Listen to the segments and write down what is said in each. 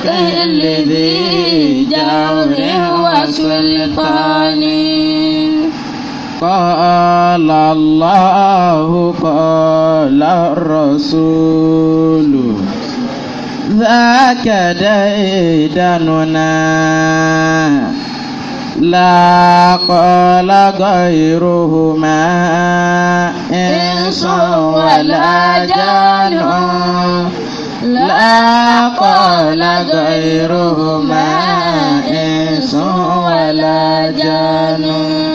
الحق الذي جور وسلطان قال الله قال الرسول ذاك ديدننا لا قال غيرهما إنس ولا جنون لا قال غيرهما إنس ولا جنون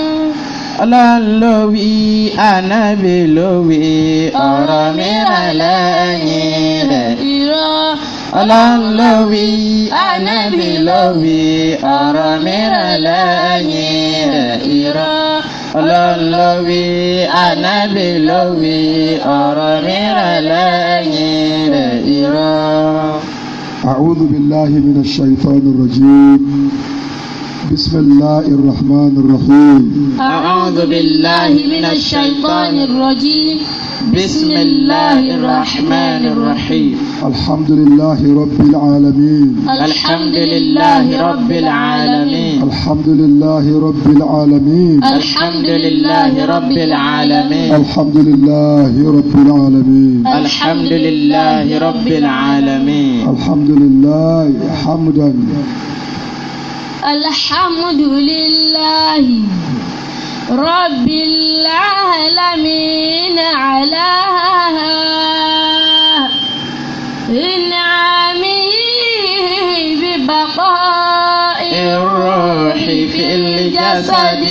ọlọ́run ló wí ànábì ló wí ọ̀rọ̀ mìíràn lẹ́yìn rẹ̀. ọlọ́run ló wí ànábì ló wí ọ̀rọ̀ mìíràn lẹ́yìn rẹ̀. Ọlọ́run ló wí ànábì ló wí ọ̀rọ̀ mìíràn lẹ́yìn rẹ̀ irọ́. A'udhu billahi minash shaitanir rajim. بسم الله الرحمن الرحيم أعوذ بالله من الشيطان الرجيم بسم الله الرحمن الرحيم الحمد لله رب العالمين الحمد لله رب العالمين الحمد لله رب العالمين الحمد لله رب العالمين الحمد لله رب العالمين الحمد لله رب العالمين الحمد لله حمدا الحمد لله رب العالمين على إنعامه ببقاء الروح في الجسد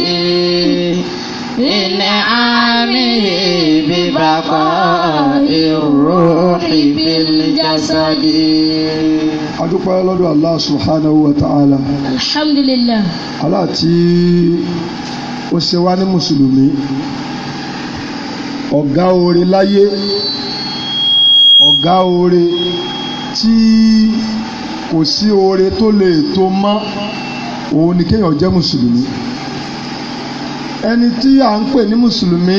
إنعامه ببقاء الروح في الجسد adúpẹ́ lọ́dọ̀ Allah subhanahu ta'ala. alhamdulillah. Allah tí ó ṣe wá ní mùsùlùmí ọ̀gá oore láyé ọ̀gá oore tí kò sí oore tó lè tó mọ́ òun ni kéèyàn jẹ́ mùsùlùmí ẹni tí à ń pè ní mùsùlùmí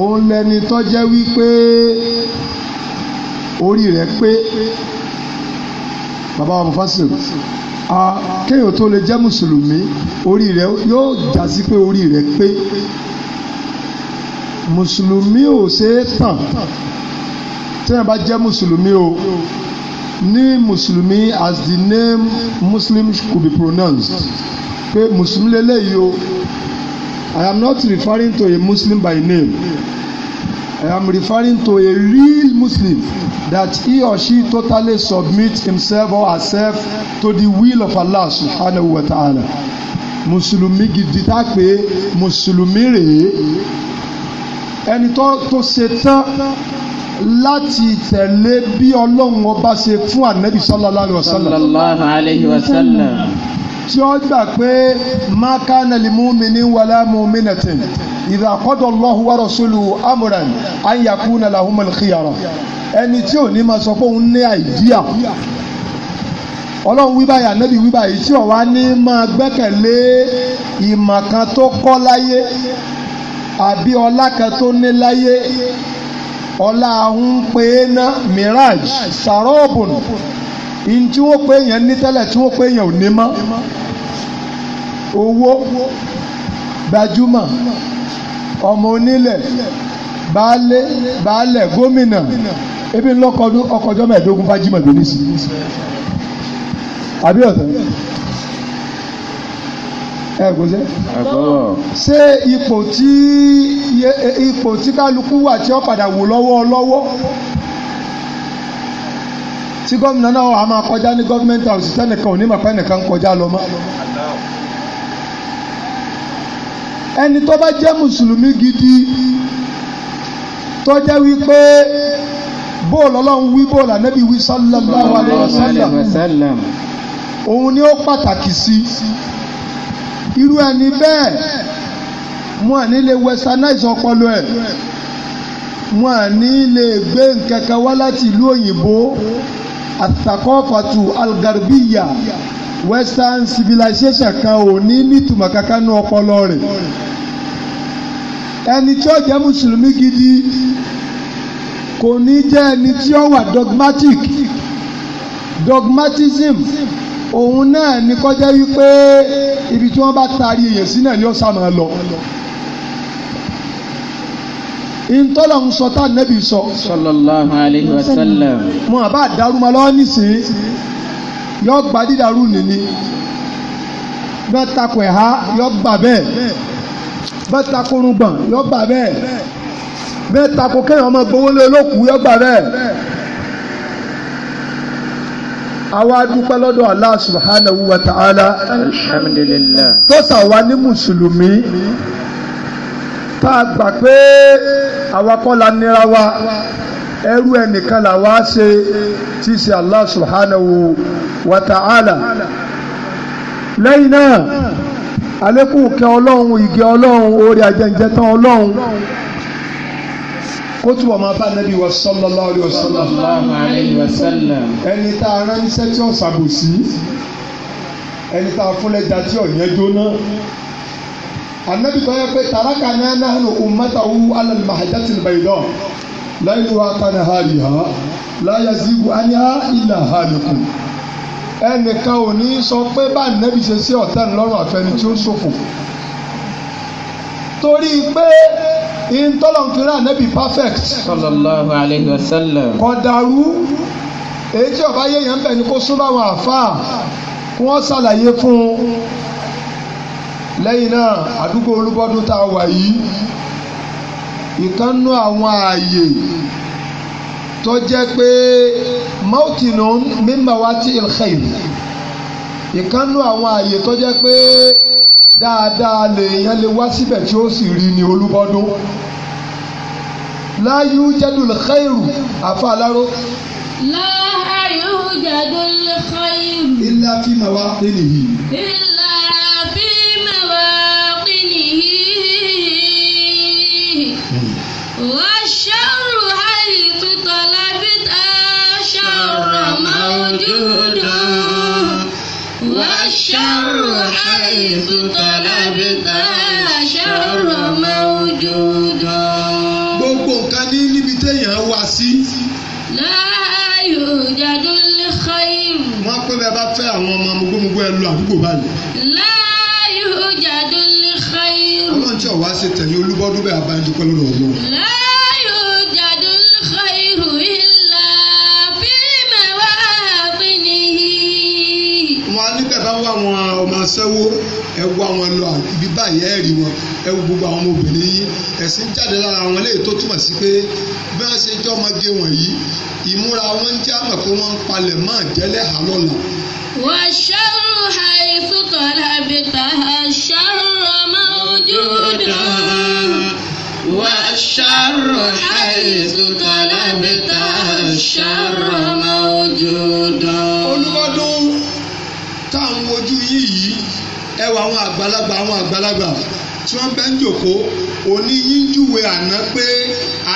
òun lẹni tó wípé orí rẹ̀ pé bàbá wa mufasir kéèyàn tó lè jẹ́ mùsùlùmí orí rẹ̀ yóò jásí pé orí rẹ̀ pé mùsùlùmí ò ṣe é tàn téèyàn bá jẹ́ mùsùlùmí o ní mùsùlùmí as the name muslim could be pronounced pé mùsùlùmí lélẹ́yìí o i am not referring to a muslim by name. I am referring to a real Muslim that he or she totally submits himself or herself to the will of Allah subhanahu wa ta'ala. Mùsùlùmí gidi tá a pè é Mùsùlùmí rèé ẹni tó tó ṣe tán láti tẹ̀lé bí Ọlọ́run ọba ṣe fún ànábì sallallahu alayhi wa sallam tí ó gbà pé ma kana lil mu'minin wala mu'minatin idha qada Allahu wa rasuluhu amran an yakuna lahumul khiyara ẹni tí ò ní máa sọ pé òun ní àìdíà ọlọ́run wíbá yà nẹ́bí wíbá yìí tí ọ̀wá ní máa gbẹ́kẹ̀lé ìmọ̀ kan tó kọ́ láyé àbí ọlá kan tó ní láyé ọlá ń pè ná mirage sarobun ìyẹn tí wọ́n pè yẹn ní tẹ́lẹ̀ tí wọ́n pè yẹn ò ní mọ́ owó gbajúmọ̀ ọmọ onílẹ̀ baálé baálẹ̀ gómìnà ebi ńlọkọdún ọkọjọ́ mẹ́ẹ̀ẹ́dógún fájímọ̀ lónìí sí àbí ọ̀tọ̀ ẹ kò sẹ́ ṣé ipò tí ipò tí kálukú wà tí ó padà wò lọ́wọ́ lọ́wọ́ tí gómìnà náà wà á máa kọjá ní gọ́fìmẹ̀ntì àwòsí tẹ́nìkan ò ní màpá ẹnìkan kọjá lọ mọ́ ẹni tó bá jẹ́ mùsùlùmí gidi tó jẹ́ wípé bóòlù ọlọ́run wí bóòlù ànábì wí sallallahu alaihi wasallam òun ni ó pàtàkì sí irú ẹni bẹ́ẹ̀ mo à ní lè westernize ọpọlọ ẹ̀ mo à ní lè gbé nǹkan wá láti ìlú òyìnbó àtàkọ́fàtù algarbiya. Yeah western civilization kan ò ní nítumọ̀ kankan nú ọpọlọ rẹ̀ ẹni tí ó jẹ́ mùsùlùmí gidi kò ní jẹ́ ẹni tí ó wà dogmatic dogmatism òun náà ni kọjá wípé ibi tí wọ́n bá taari èèyàn sí náà ni ó sá lọ ntọ́lọ̀ ń sọ tá nẹ́bí sọ. sallallahu alayhi wa sallam. mo àbá darúmọ lọ́wọ́ nísìnyí yọ gba dídàrú nìní bẹ́ẹ̀ takò ẹ̀há yọ gbà bẹ́ẹ̀ bẹ́ẹ̀ takò rúgbọ̀n yọ gbà bẹ́ẹ̀ bẹ́ẹ̀ takò kẹ́yìn ọmọ gbowó lé yọ gbà bẹ́ẹ̀. àwa dúpẹ́ lọ́dọ̀ Allah subhanahu wa ta'ala alhamdulillah tó sàwa ní mùsùlùmí tá a gbà pé àwa kọ́ la nira wa ẹrú ẹnìkan là wá ṣe tí ṣe Allah subhanahu wa ta'ala lẹ́yìn náà àlékún kẹ ọlọ́run ìgẹ ọlọ́run orí ajẹ́njẹ́ tán ọlọ́run kó túbọ̀ máa bá nẹ́bí wa sallallahu alaihi wa sallam ẹni tá a ránṣẹ́ tí ó ṣàbòsí ẹni tá a fúnlẹ̀ da tí ó yẹn jóná anabi tó yẹ pé tàràkà náà náà ló ummatahu ala al-mahajjati al-bayda láìlúwa kana hàlì hàn láyà zigu aníhà ìlà hàlìkù ẹnìkan ò ní sọ pé bá nẹ́bí ṣe sí ọ̀tá ńlọ́rùn àfẹni tí ó ṣòfò torí pé ìtọ́lọ̀nkìlá nẹ́bí perfect. sallallahu alayhi wa sallam. kò dàrú èyí tí ọba yéèyàn bẹ̀ ni kó súnmọ́ àwọn àfáà kí wọ́n ṣàlàyé fún un lẹ́yìn náà àdúgbò olúbọ́dún tá a wà yìí ìkànnú àwọn ààyè tó jẹ́ pé mọ́tìnù mímọ́wátì ìlkhair ìkànnú àwọn ààyè tó jẹ́ pé dáadáa lèèyàn lè wá síbẹ̀ tí ó sì rí ni olúbọ́dún láyú jẹ́dùn ìlkhair àfa aláró. láyú jẹ́dùn ìlkhair. ilá fi màwá nínú yìí. ilá fi. الضر موجود والشر حيث طلبته الشر موجود gbogbo nǹkan ní níbi téèyàn wá sí. láàyò jàdó lè xa irun. wọ́n pé bẹ́ẹ̀ bá fẹ́ àwọn ọmọ mugbómugbó ẹ lọ àdúgbò báyìí. láàyò jàdó lè xa irun. ọlọ́run tí ò wá ṣe tẹ̀lé olúbọ́dún bẹ́ẹ̀ abájú pẹ́ lọ́dọ̀ ọlọ́run. sí pé bí wọ́n ṣe jọmọge wọ̀nyí ìmúra wọn jẹ́ àmọ̀ pé wọ́n ń palẹ̀ mọ́ ìjẹ́lẹ̀ hà lọ́la. wà á ṣàrù àìsù kọ́lá bìtà àṣàrù ọmọ ojú odò. wà á ṣàrù àìsù kọ́lá bìtà àṣàrù ọmọ ojú odò. olùbọ́dún táwọn ojú yìí ẹ wà àwọn àgbàlagbà àwọn àgbàlagbà tí wọ́n bẹ́ ń jòkó òní yín júwe àná pé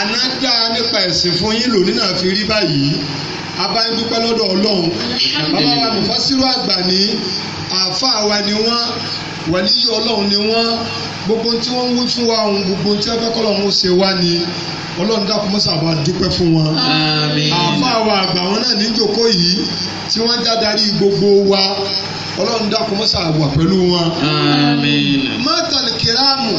àná dá nípa ẹ̀sìn fún yín lòní náà fi rí báyìí abáyédúpẹ́ lọ́dọ̀ ọlọ́run bàbá wa mufasiru àgbà ní àáfàá wa ni wọ́n wàlíyé ọlọ́run ni wọ́n gbogbo tí wọ́n wí fún wa ohun gbogbo tí wọ́n fẹ́ kọ́ lọ́run ṣe wá ni ọlọ́run dákun mọ́sá àbá dúpẹ́ fún wọn. àáfàá wa àgbà wọn náà ní jòkó yìí tí wọ́n já darí gbogbo wa ọlọ́run dákun mọ́sà wà pẹ̀lú wọn. mọ́tàlì kìrámù.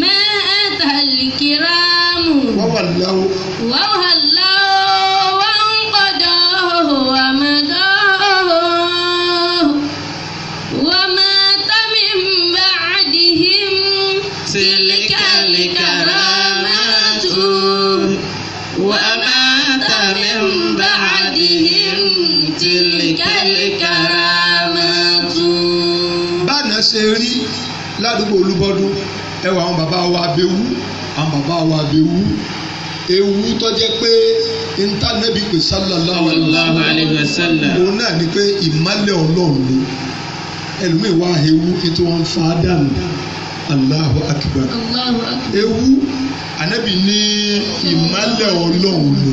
mẹ́ẹ̀ẹ́tàlì kìrámù. wàhálà o. wàhálà o. ṣe rí ládùúgbò olúbọdún ẹ àwọn bàbá wa abẹ́wú àwọn bàbá wa abẹ́wú ewu tó pé ntànẹ́bí pé sallallahu alaihi òun náà ni pé ìmálẹ̀ ọlọ́run ni ẹlòmíì wá ewu ètò wọn fa dànù Allahu akbar ewu ànábì ní ìmálẹ̀ ọlọ́run ni.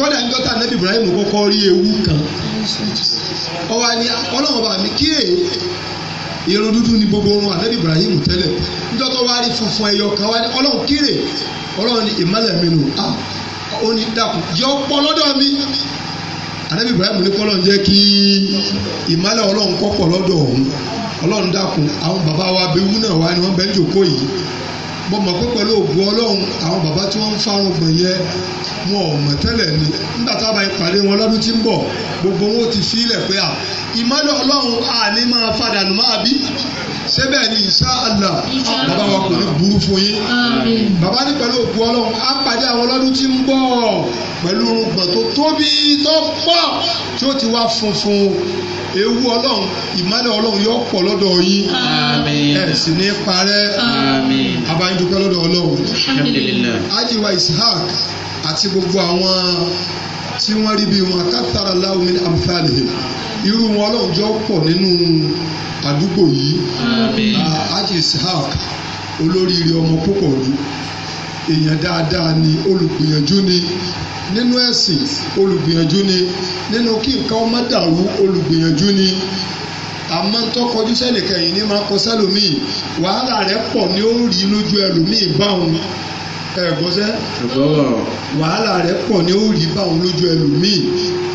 kọ́dà ń dọ́tà nẹ́bí Ibrahim kọ́kọ́ rí ewu kan ọwọ́ ni ọlọ́run bá mi kí irun dúdú ni gbogbo orun ànẹ́bí Ibrahim tẹ́lẹ̀ níjọ́tọ́ wá rí funfun ẹyọ kan wá ní ọlọ́run kéré ọlọ́run ni ìmọ̀lẹ̀ mi nù á ah, ó lọ́dọ̀ mi Ibrahim ní kọ́ lọ́n jẹ́ kí ìmọ̀lẹ̀ lọ́dọ̀ àwọn bàbá mo mọ̀ pé pẹ̀lú ògùn ọlọ́run àwọn bàbá tí wọ́n ń fárun gbọ̀n yẹn wọn ò mọ̀ tẹ́lẹ̀ ni nígbà tá a bá pàdé wọn lọ́dún tí ń bọ̀ gbogbo wọn ti fi ilẹ̀ pé à ìmọ̀lẹ̀ ọlọ́run àní máa fadà nù máa bí sẹ́bẹ̀ ni insha bàbá wa kò ní burú fún yín bàbá ní pẹ̀lú ògùn ọlọ́run á pàdé àwọn lọ́dún tí ń bọ̀ pẹ̀lú orungbọ̀n tó tóbi tó pọ̀ tí ó ti wá funfun ewu ọlọ́run ìmọ̀lẹ̀ ọlọ́run yóò pọ̀ lọ́dọ̀ yín ẹ̀ sì ní parẹ́ abáj adúgbò lọ́dọ̀ ọlọ́run Haji wa Ishaq àti gbogbo àwọn tí wọ́n rí bí wọn kátàrà láwùmí amthalihim irú wọn ọlọ́run jọ pọ̀ nínú àdúgbò yìí ah, Haji Ishaq olóríire ọmọ púpọ̀ ni èèyàn dáadáa ni olùgbìyànjú ni nínú ẹ̀sìn olùgbìyànjú ni nínú kí nǹkan ọmọ dàrú olùgbìyànjú ni àmọ́ tó kọjú sẹ́nìkan yìí ní máa kọ sẹ́lòmíì wàhálà rẹ̀ pọ̀ ní ó rí lójú ẹlòmíì báwọn ẹ̀gbọ́sẹ́ wàhálà rẹ̀ pọ̀ ní ó rí báwọn lójú ẹlòmíì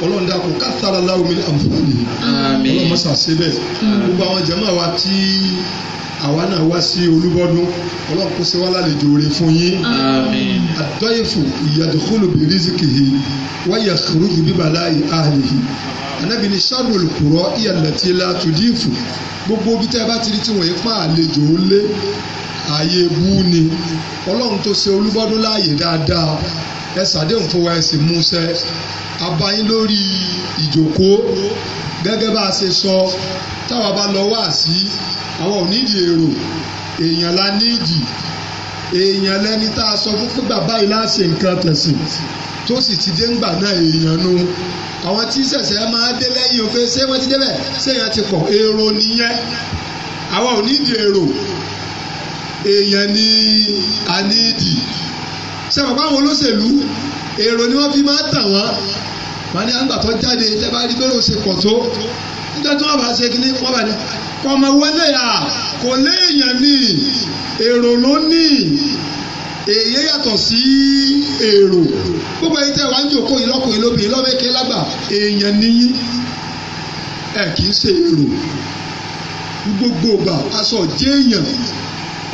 ọlọ́run dàpọ̀ kátàlá láwùmí àǹfààní ọlọ́run mọ́sàsẹ́bẹ̀ gbogbo àwọn jẹ́mọ̀ wa tí àwa náà wá sí olúbọ́dún ọlọ́run kó ṣe wá lálejò rẹ̀ fún yín. àmín. àdọ́yẹ̀fù ìyàdókòlò bèrè zikìhì wáyà kúrúdù bíbálà àhìhì anabi ni sharul kúrọ ìyàlẹ̀tì la tùdífù gbogbo bí tẹ́ bá ti rí tí wọ́n yẹn pa àlejò lé ààyè bú ni ọlọ́run tó ṣe olúbọ́dún láàyè dáadáa ẹ ṣàdéhùn fún wa ẹ sì mú ṣẹ abayín lórí ìjókòó gẹ́gẹ́ bá a ṣe sọ táwa bá lọ wá sí àwọn ò nídìí èrò èèyàn la nídìí èèyàn lẹni tá a sọ fún pé bàbá yìí láṣẹ nǹkan tẹ̀sìn tó sì ti dé ńgbà náà èèyàn nu àwọn tí ṣẹ̀ṣẹ̀ máa dé lẹ́yìn òfin ṣé wọ́n ti débẹ̀ ṣé èèyàn ti pọ̀ èrò nìyẹn àwọn ò nídìí èrò èèyàn ni a nídìí ṣé bàbá àwọn olóṣèlú èrò ni wọ́n fi máa tàn wọ́n màá ní àgbà tó jáde tẹ́ bá rí ṣe pọ̀ tó tán tí ṣe kíní wọ́n bá ní kọ́mọ wọlé à kò léèyàn ní èrò ló ní èyí yàtọ̀ sí èrò gbogbo ẹni tẹ́ wàá ń jòkó yìí lọ́kùnrin lóbìnrin lọ́mẹ́kẹ́ lágbà èèyàn níyí ẹ̀ kì í ṣe èrò gbogbo ọgbà aṣọ jéèyàn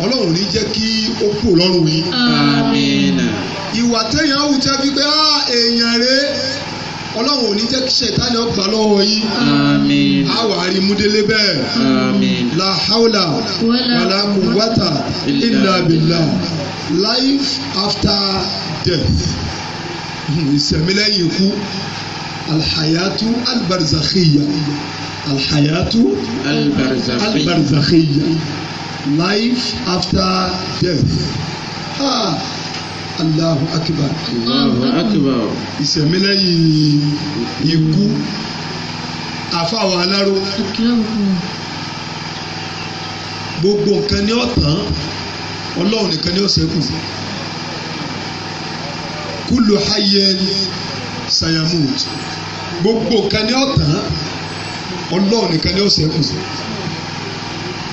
ọlọ́run ní jẹ́ kí ó kú lọ́rùn yìí. ìwà téèyàn wù fi pé ah, èèyàn rèé ọlọ́run ò ní jẹ́ kí ṣètánì ọgbà lọ́wọ́ yín. àmín. a wà bẹ́ẹ̀. la haula wala quwwata illa billah life after death ìsẹ̀mílẹ́yìn ikú alhayatu albarzakhiya alhayatu albarzakhiya life after death. Ah. Allahu akbar. Allahu akbar. ìsẹ̀mílẹ̀ yìí ikú àfàwọ̀ aláró. gbogbo nǹkan ni ó tán ọlọ́run nìkan ni ó ṣẹ́kù. kullu hayyin sayamut gbogbo nǹkan ni ó tán ọlọ́run nìkan ni ó ṣẹ́kù.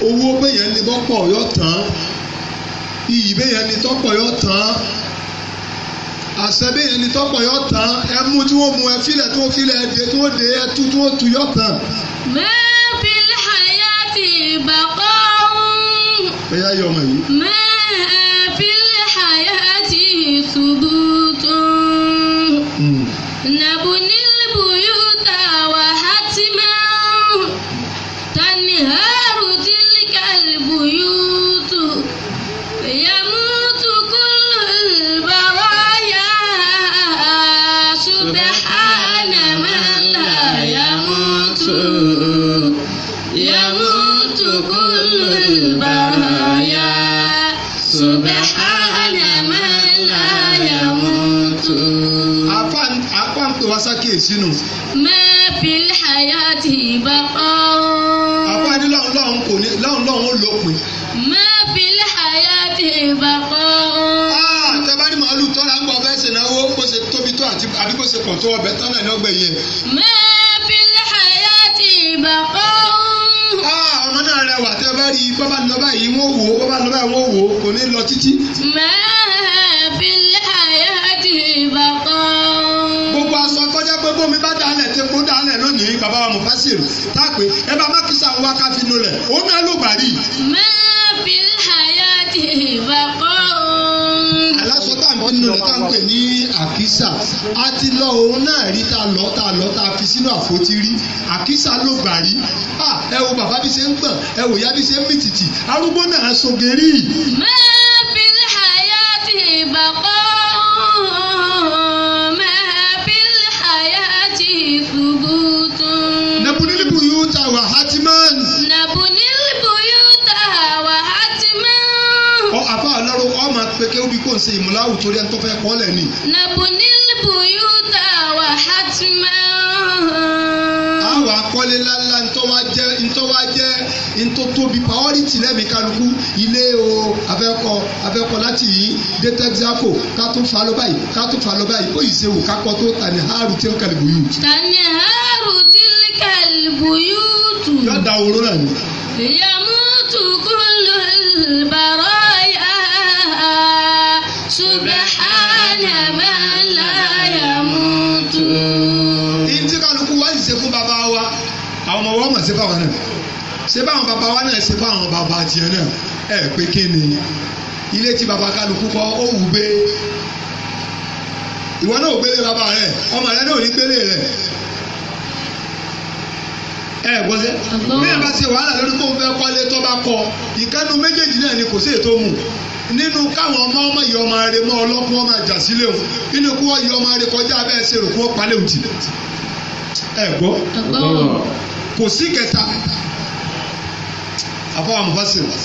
owó bẹ́yẹn ni bọ́pọ̀ yọ tán iyì bẹ́yẹn ni tọ́pọ̀ yọ tán àṣẹbí yẹn ni tọ́pọ̀ yọ tán ẹ mú tí wọ́n mú ẹ filẹ̀ tó filẹ̀ ẹ dé tó dé ẹ tú tó tú yọ tán. máa fi láyà ti bàbá òun. ẹ yá yọ ọmọ yìí. máa fi láyà ti ṣubú tó. Hmm. nàbù nílùú yóò tà wá hátìmá. tani hàn. sínú. mẹ́bìl hayati bàbá o. àbá ní lọ́hùn lọ́hùn kò ní lọ́hùn lọ́hùn ó lópin. mẹ́bìl hayati bàbá ah, o. aa tẹ́bárí màálù tọ́lá ń gbọ́ fẹ́ sènáwó kó ṣe tóbi tó àti àbí kó ṣe pọ̀ tó ọbẹ̀ tán náà ní ọgbẹ̀ yẹn. mẹ́bìl hayati bàbá o. aa ah, ọmọ náà rẹwà tẹ́bárí bọ́bá lọ báyìí wọ́n wò ó bọ́bá wọ́n wò kò ní lọ títí. mẹ́ẹ̀ bómi bá dalẹ̀ tí epo dalẹ̀ lónìí bàbá wa Mufasiru tá a pé ẹ bá má kíṣà wá ká fi nu rẹ̀ ó ná lùgbàdì. máa fi àyà ti ìbàkọ́ aláṣọ tá à ń pinnu rẹ̀ tá à ń pè ní àkísà a ti lọ òun náà rí ta lọ ta lọ ta fi sínú àfótí rí àkísà ló gbà rí ẹ wo bàbá bí ṣe ń gbọ̀n ẹ wo ìyá bí ṣe ń mì tìtì arúgbó náà sọ̀gẹ́rì. mẹ́ ń ṣe ìmúláwù torí ẹni tó fẹ́ kọ́ lẹ̀ ni. nàbùnílbù yóò tà wá hátìmá. àwọn akọ́lé ńláńlá ntọ́ wá jẹ́ ntọ́ wá jẹ́ ntọ́ tóbi pàọ́rìtì lẹ́mí kálukú ilé o abẹ́kọ abẹ́kọ láti yìí dé texaco ká tún fa lọ báyìí ká tún fa lọ báyìí ó yìí ṣe wò kápọ̀ tó tani haaru tí ń kàlẹ̀ bùyù. tani haaru tí ń kàlẹ̀ bùyù tù. yọ̀ọ́ da òróró náà ni. ìyàmú tù kúrò. ṣe fáwọn náà ṣe báwọn bàbá wa náà ṣe fáwọn bàbá tiẹ̀ náà ẹ pé kí ni ilé tí bàbá kálukú kọ́ ó wù gbé ìwọ náà ò gbélé bàbá rẹ ọmọ rẹ náà ò ní gbélé rẹ ẹ gbọ́ sẹ́ bẹ́ẹ̀ bá ṣe wàhálà lórí kó fẹ́ kọ́lé tó bá kọ ìkànnù méjèèjì náà ni kò sí ètò mu nínú káwọn ọmọ ọmọ yìí ọmọ rẹ mọ ọlọ́kùn ọmọ àjà sílẹ̀ o nínú kí wọ́n yìí ọmọ rẹ kọjá abẹ́ ẹ̀ ṣe rò kó palẹ̀ òjì ẹ gbọ́ kò sí kẹta àfọwọ́ àmọ́ bá sì wá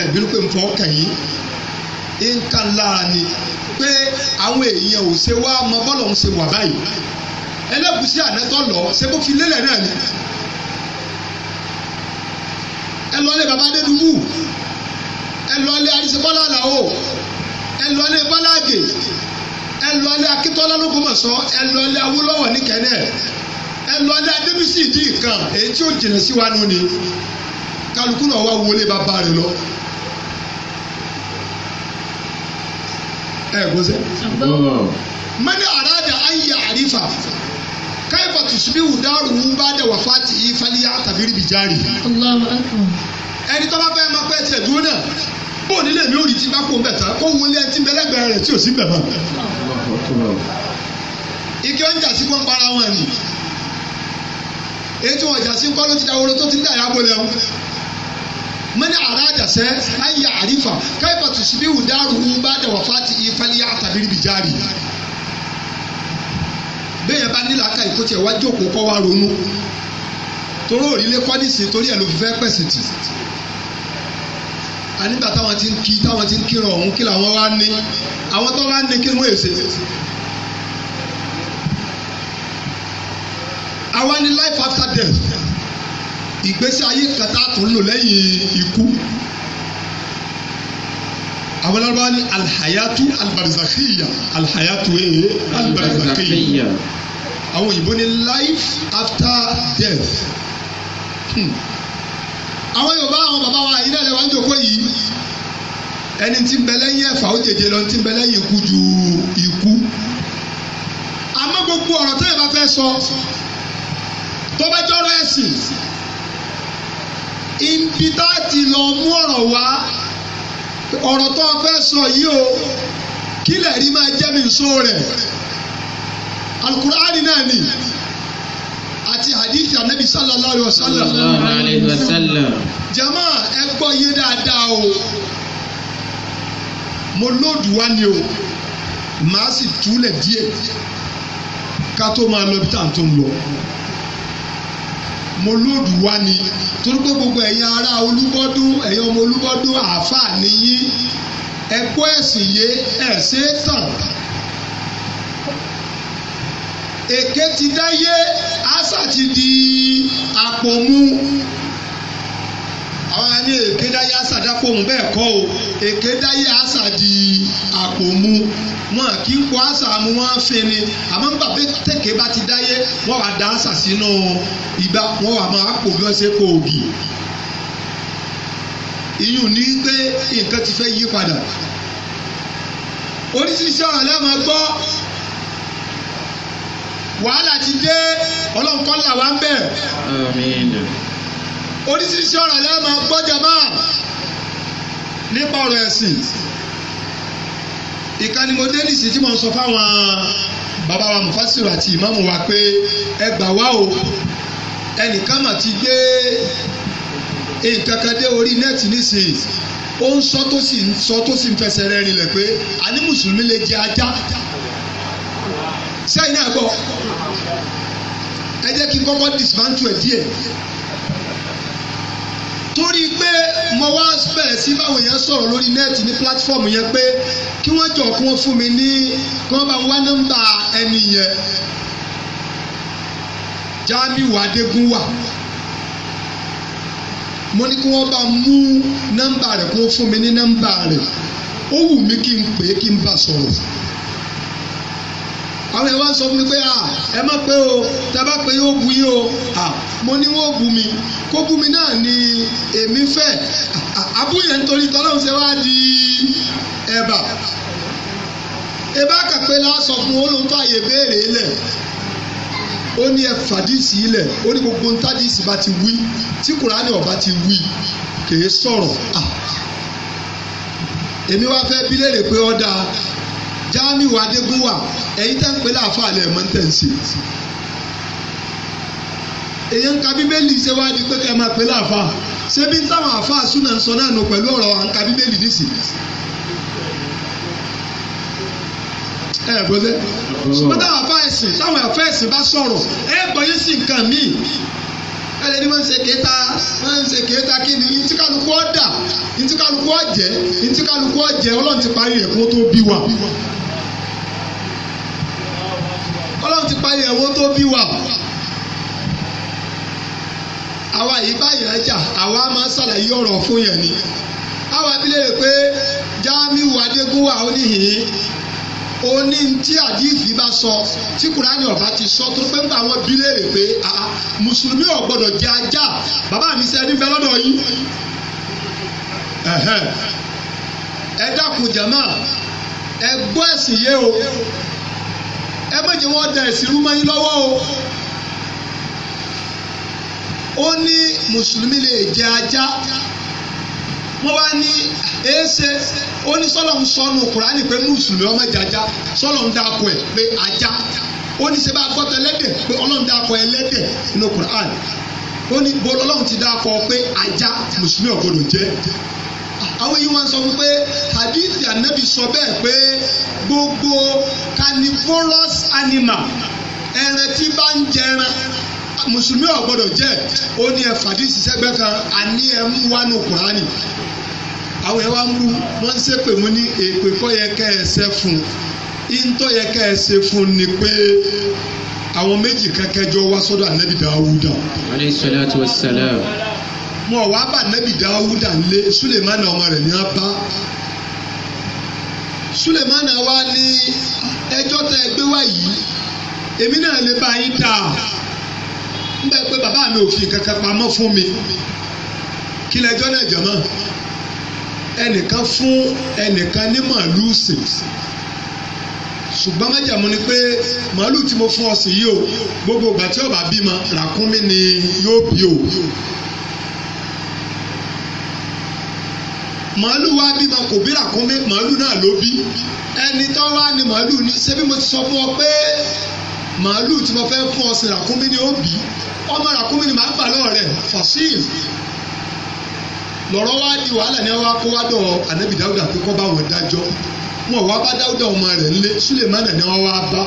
ẹ̀ bínú pé nǹkan ọkàn yìí nǹkan lára ni pé àwọn èèyàn ò ṣe wá mọ bọ́lọ̀ ń ṣe wà báyìí ẹlẹ́gùsí ànẹ́tọ́ lọ ṣé kó fi lélẹ̀ náà ni ẹ lọlé baba adédúgbù ẹ lọlé arísẹ́bọ́lá àlàó ẹ lọlé bọ́láàgè ẹ lọlé akíntọ́lá lógúnmọ̀sán ẹ lọlé awólọ́wọ̀ níkẹ́nẹ́ ẹ lọ ní adébísì ìdí nǹkan èyí tí ó jìnà sí wa nù ni kálukú náà wá wọlé bàbá rẹ lọ. ẹ gbọ́sẹ̀. mẹ́ni àràdà ayé àrífà káyọ̀pọ̀ tùsùbíwù dáàrú wù bá dẹ̀ wà fati ìfàlíyà tàbí ríbi járì. ẹni tó bá fẹ́ máa pẹ́ tiẹ̀ dúró náà bó nílé mi ò rí tí bá kó bẹ̀ tán kó wọlé ẹtí mẹlẹ́gbẹ̀rẹ̀ rẹ̀ tí ò sí bẹ̀ mọ́. ike oúnjẹ àti pọ́npara wọn ni ètò ọjà sí kọ́ ló ti dàwóró tó ti ń dàyà bolẹ̀ o mọ́ni àràdàsẹ́ ayé àrífà káyọ̀pọ̀ tùsùbí wùdárù wù bá dàwọ̀ fati ìfẹ́lẹ́ àtàbí níbi járe bẹ́ẹ̀ bá nílà ká ìkó tiẹ̀ wá jókòó kọ́ wá ronú torí òrìlé kọ́ nísìnyí torí ẹ̀ ló fi fẹ́ pẹ̀sìn tì ànígbà táwọn ti ń kí táwọn ti ń kírun ọ̀hún kí làwọn wá ní àwọn tó wá ní kí wọ́n èsè àwa ni life after death ìgbésí ayé kẹta tó ń lò lẹ́yìn ikú àwọn lọ́wọ́ ni alhayatu albarzakhiya alhayatu ee albarzakhiya àwọn òyìnbó ni life after death hmm. àwọn yorùbá àwọn bàbá wa ilé ẹ̀rẹ̀ wa ń jòkó yìí ẹni tí ń bẹ lẹ́yìn ẹ̀fà ó jẹjẹ lọ tí ń bẹ lẹ́yìn ikú ju ikú àmọ́ gbogbo ọ̀rọ̀ tẹ́lẹ̀ bá fẹ́ sọ. So tó bá jọ́rọ̀ ẹ̀sìn ibi tá a ti lọ mú ọ̀rọ̀ wá ọ̀rọ̀ tó o fẹ́ sọ yìí o kí lè rí máa jẹ́ mi nsó rẹ̀ alukur'ani náà ni àti hadithi anabi sallallahu alayhi wa sallam sallallahu alayhi wa sallam jama ẹ gbọ́ yé dáadáa o mo lóòdù wá ni o màá sì túlẹ̀ díẹ̀ ká tó máa lọ bí tá à ń tó ń lọ mo lóòdù wá ni torí pé gbogbo ẹ̀yin ará olúbọ́dún ẹ̀yin ọmọ olúbọ́dún àáfàá nìyí ẹ̀kọ́ ẹ̀sìn yé ẹ̀ é tàn èké ti dáyé àṣà ti di àpòmú àwọn àní èké dáyé àṣà dápò mú bẹ́ẹ̀ kọ́ o èké dáyé àṣà di àpò mú wọn kì í kó àṣà mú wọn fi ni àmọ́ nígbà tẹ̀ké bá ti dáyé wọ́n wá da àṣà sínú ìgbà wọ́n wá máa pò bí wọ́n ṣe kó ògì ìyún ní pé nǹkan ti fẹ́ yí padà oríṣiríṣi ọ̀rọ̀ lẹ́ẹ̀ máa gbọ́ wàhálà ti dé ọlọ́run kọ́ ń bẹ̀ oríṣiríṣi ọ̀rọ̀ lẹ́yìn máa gbọ́ jàmá nípa ọ̀rọ̀ ẹ̀sìn ìkànnì mo dé nìsí tí mo sọ fáwọn bàbá wa mufasiru àti ìmáàmù wa pé ẹ wá o ẹnìkan mà ti gbé nǹkan kan dé orí nẹ́ẹ̀tì nísìnyí ó ń sọ tó sì ń sọ tó sì ń fẹsẹ̀ rẹ̀ rinlẹ̀ pé àní mùsùlùmí lè jẹ ajá sẹ́yìn náà gbọ́ ẹ jẹ́ kí n kọ́kọ́ dismantle ẹ̀ díẹ̀ torí pé mo wá bẹ̀rẹ̀ sí báwọn èèyàn sọ̀rọ̀ lórí nẹ́ẹ̀tì ní pílátífọ́ọ̀mù yẹn pé kí wọ́n jọ kí wọ́n fún mi ní kí wọ́n bá wá nọ́mbà ẹni yẹn Jamiu Adégúnwà mo ní kí wọ́n bá mú nọ́mbà rẹ̀ kí wọ́n fún mi ní nọ́mbà rẹ̀ ó wù mí kí n pè é kí n bá sọ̀rọ̀ àwọn yẹn wá sọ fún mi pé ẹ má pé o tábà pé yóò bu yín o mo ní wọ́n bu mi kó bu mi náà ni èmi fẹ́ abúyẹn nítorí tọ́lọ́run ṣe wá di ẹ̀bà ẹ̀bà kàpé lásọ fún olóńtọ́ àyè béèrè lẹ̀ ó ní ẹ fàdíìsì ilẹ̀ ó ní gbogbo ń tádìsì bá ti wí tí kùránì ọba ti wí kèé sọ̀rọ̀ èmi wá fẹ́ bí léèrè pé ó dáa Jamiu Adégúnwà ẹ̀yin tẹ́ ń pè láàfáà lẹ̀ mọ́ tẹ̀ ń ṣe. èèyàn ka bíbélì ṣe wá di pé kẹ́ ẹ máa pè láàfáà ṣé bí táwọn àfáà súnà ń sọ náà nù pẹ̀lú ọ̀rọ̀ à ń ka bíbélì nísì. ẹ bọ́dẹ́ ṣùgbọ́n táwọn àfáà ẹ̀sìn táwọn àfáà ẹ̀sìn bá sọ̀rọ̀ ẹ gbọ́yé sí nǹkan míì ẹlẹ́ ni wọ́n ń ṣe kéta wọ́n ń ṣe kéta kí ni ntíkàlùkù ọ̀dà ntíkàlùkù ọ̀jẹ́ ntíkàlùkù ọ̀jẹ́ ọlọ́run ti parí rẹ̀ kó tó bí wa pa ìyàwó tó bí wa àwa yìí báyìí ẹja àwa máa ṣàlàyé ọ̀rọ̀ fún yẹn ni àwa abilé pé Jamiu Adégúnwà oníhìn oní tí àdìfì bá sọ tí Kùránì ọba ti sọ tó pé ń bá wọn bí léèrè pé mùsùlùmí ò jẹ ajá bàbá mi ṣe ẹni bẹ lọ́dọ̀ ẹ dákun ẹ gbọ́ ẹ̀sìn yé o. ẹ méje wọn da ẹ̀sìn rú mọ́yìn lọ́wọ́ o ó ní mùsùlùmí lè jẹ ajá wọ́n bá ní èéṣe ó ní sọ́lọ̀ ń sọnù kùránì pé mùsùlùmí ọmọ ìjàjá sọ́lọ̀ ń dáko ẹ̀ pé ajá ó ní ṣe bá gbọ́tọ̀ ẹlẹ́dẹ̀ pé ọlọ́run dáko ẹlẹ́dẹ̀ nínú kùránì ó ní bọ́ọ̀lù ti dáko pé ajá mùsùlùmí ò jẹ àwọn èyí wọn sọ fún pé hadith anabi sọ bẹ́ẹ̀ pé gbogbo carnivorous animal ẹran tí bá ń jẹran mùsùlùmí ò gbọ́dọ̀ jẹ ó ní ẹfà dí sísẹgbẹ kan àní ẹ mú wánu kùránì àwọn ẹ wá ń mú wọn ń ṣépè mú ní èpè kọ́ yẹ kẹ́ ẹ ṣe fún ìntọ́ yẹ kẹ́ ẹ ṣe fún ni pé àwọn méjì kẹ́kẹ́ jọ wá sọ́dọ̀ ànábì Dáúdà. alayhi salatu wa salam wọn ò wá bá nẹ́bì Dáúdà lé Sulemani ọmọ rẹ̀ ní wọn bá Sulemani wa ní ẹjọ́ tẹ ẹ gbé wá yìí èmi náà lè bá yín dà ń bẹ pé bàbá mi ò fi kankan pamọ́ fún mi kí lẹjọ́ náà jẹ́ mọ́ ẹnìkan fún ẹnìkan ní màálù sè ṣùgbọ́n májàmú ni pé màálù tí mo fún ọ sí yìí o gbogbo ìgbà tí ó bímọ ràkúnmí ni yóò bí o màálù wa bímọ kò bí ràkúnmí màálù náà ló bí ẹni tó wá ní màálù ni ṣé bí mo ti sọ fún ọ pé màálù tí mo fẹ́ fún ọ sí ràkúnmí ni ó bí ọmọ ràkúnmí ni màá gbà lọ́wọ́ rẹ̀ fasil lọ́rọ̀ wá di wàhálà ni wọ́n wá kó wá dọ̀ ànábì Dáúdà pé kọ́ bá wọn dájọ́ wọn wá bá dáúdà ọmọ rẹ̀ ńlé sulemana ni wọ́n wá bá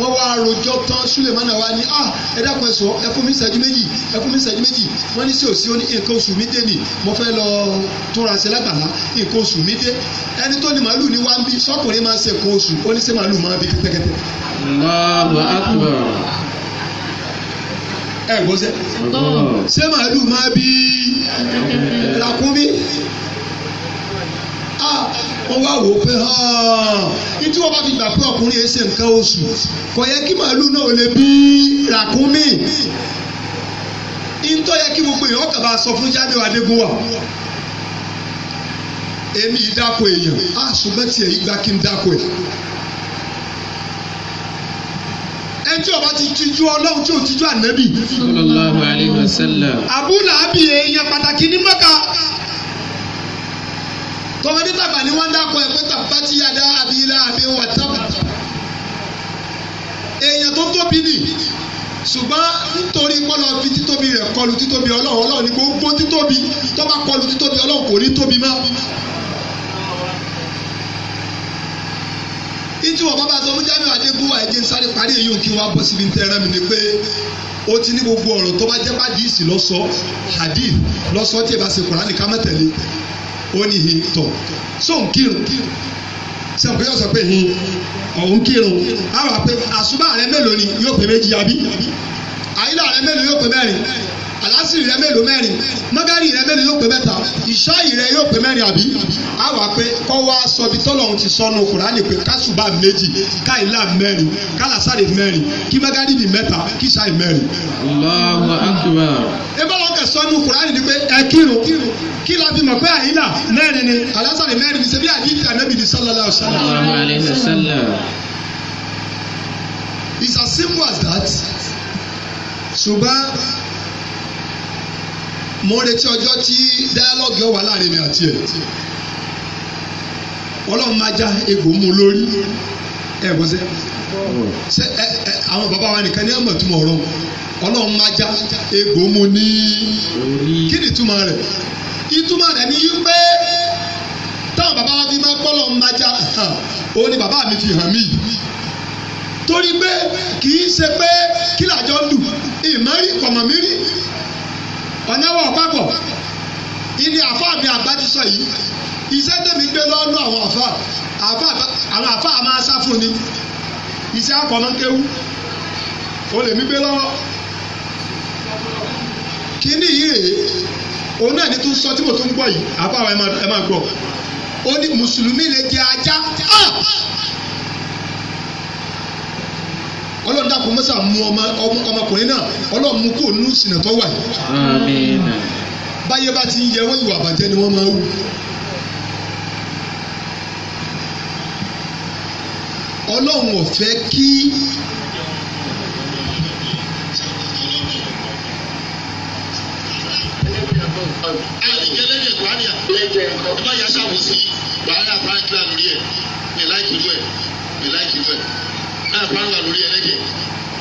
wọ́n wá rojọ́ tán sulemana wá ní ah ẹ dákun ẹ sọ ẹ fún mi ìṣẹ́jú méjì ẹ fún mi ìṣẹ́jú méjì wọ́n ní sí òsì ó ní nǹkan oṣù mi dé ni mo fẹ́ lọ túnra sí lágbàlá nǹkan oṣù mi dé ẹni tó ni màálù ní wá ń bí sọkùnrin máa ń ṣe nǹkan oṣù ó ní sẹ́ màálù máa bí kẹ́tẹ́kẹ́tẹ́. Allahu Akbar ẹ gbọ́ sẹ́ ṣé màálù máa bí ràkúnmí. Ah, wọ́n wá wò ó pé ìtí ah, wọ́n bá fi gbà pé ọkùnrin yẹn ṣe nǹkan oṣù kò yẹ kí màálù náà ò lè bí ràkúnmí ìtọ́ yẹ kí gbogbo èèyàn kàbá sọ fún jáde adégún wa èmi yìí dáko èèyàn á ah, ṣùgbọ́n tiẹ̀ yìí gba kí n dáko ẹ̀ ẹjọ́ ọba ti tijú ọlọ́run tí ò tijú ànábì. sallallahu alayhi wa sallam. àbúlà àbí èèyàn pàtàkì ní mọ́ka tọmọdé tàbá ni wọ́n dákọ̀ ẹ̀ pé tàbá ti yàda àbílà àbí wà tàbá èèyàn tó tóbi nì ṣùgbọ́n nítorí kọ́lọ́ fi títóbi rẹ̀ kọlù títóbi ọlọ́run ọlọ́run ní gbogbo títóbi tó bá títóbi ọlọ́run kò ní tóbi mọ́. ìtú bàbá sọ fún Jamiu Adégún àìjẹ sáré parí èyí òkè wa bọ́ síbi tẹ́rẹ́ mi ni pé ó ti ní gbogbo ọ̀rọ̀ tó jẹ́ bá díìsì lọ́sọ̀ọ́ hadith lọ́sọ̀ọ́ tí ì bá ṣe Kùránì ká mẹ́tẹ̀lé ó ní hin tọ̀ so ń kírun sẹ́wọ̀n pé yóò sọ pé hin ọ̀hún kírun àwọn àpè àsùbà rẹ mélòó ni yóò pè méjì àbí àyílà rẹ mélòó yóò pè mẹ́rin alásìrì rẹ mélòó mẹ́rin mọ́gàrì rẹ mélòó yóò pé mẹ́ta ìṣáì rẹ yóò pé mẹ́rin àbí àwa pé kọ́ wa sọ bí tọ́lọ́run ti sọnù kùránì pé kásùbà méjì káìlà mẹ́rin kálásàrè mẹ́rin kí mọ́gàrì bí mẹ́ta kí ìṣáì mẹ́rin. Allahu akbar. ìbáwọ̀ kẹ sọnù kùránì ni pé ẹ kírun kí la fi pé àyílà mẹ́rin ni alásàrè mẹ́rin ni ṣebí àdìsí ànábì ni sallallahu alaihi wasallam. It's as simple as that. ṣùgbọ́n mo ń retí ọjọ́ tí dáyálọ́gì ọ̀wà láàrin mi àti ẹ̀ ọlọ́run máa já egbò mú lórí ẹ̀ bọ́ sẹ́ ṣe ẹ ẹ àwọn bàbá wa nìkan ní ọmọ ìtumọ̀ ọ̀rọ̀ ọlọ́run máa já egbò mú ní kí ni ìtumọ̀ rẹ̀ ìtumọ̀ rẹ̀ ni yí pé táwọn bàbá wa fi máa pọ́ lọ́ọ́ máa já òun ni bàbá mi fi hàn mí torí pé kì í ṣe pé kí làjọ lù ìmọ̀rí kọ̀mọ̀mí rí ọ̀nẹ́wọ̀ ọ̀pápọ̀ ilé àfáà mi àgbà ti sọ yìí iṣẹ́ tèmi gbé lọ́dún àwọn àfáà àwọn àfáà máa sá fún ni iṣẹ́ àkọ́mọ́ kéwú o lè mí gbé lọ́wọ́ kíní yìí rèé òun náà ní tún sọ tí mo tún gbọ́ yìí àfáà ẹ máa gbọ́ ó ní mùsùlùmí lè jẹ ajá ọlọ́run dàpọ̀ mọ́sà mú ọmọkùnrin náà ọlọ́run mú kó nù sínà tó wà báyé bá ti ń yẹ wọ́n ìwà àbàjẹ́ ni wọ́n máa wù. ọlọ́run ò fẹ́ kí àlejò ẹlẹ́dẹ̀ẹ́ kò á ní àpẹẹrẹ ọba yasa wò sí wàhálà bá ń kí pàǹgà lórí ẹlẹ́dẹ̀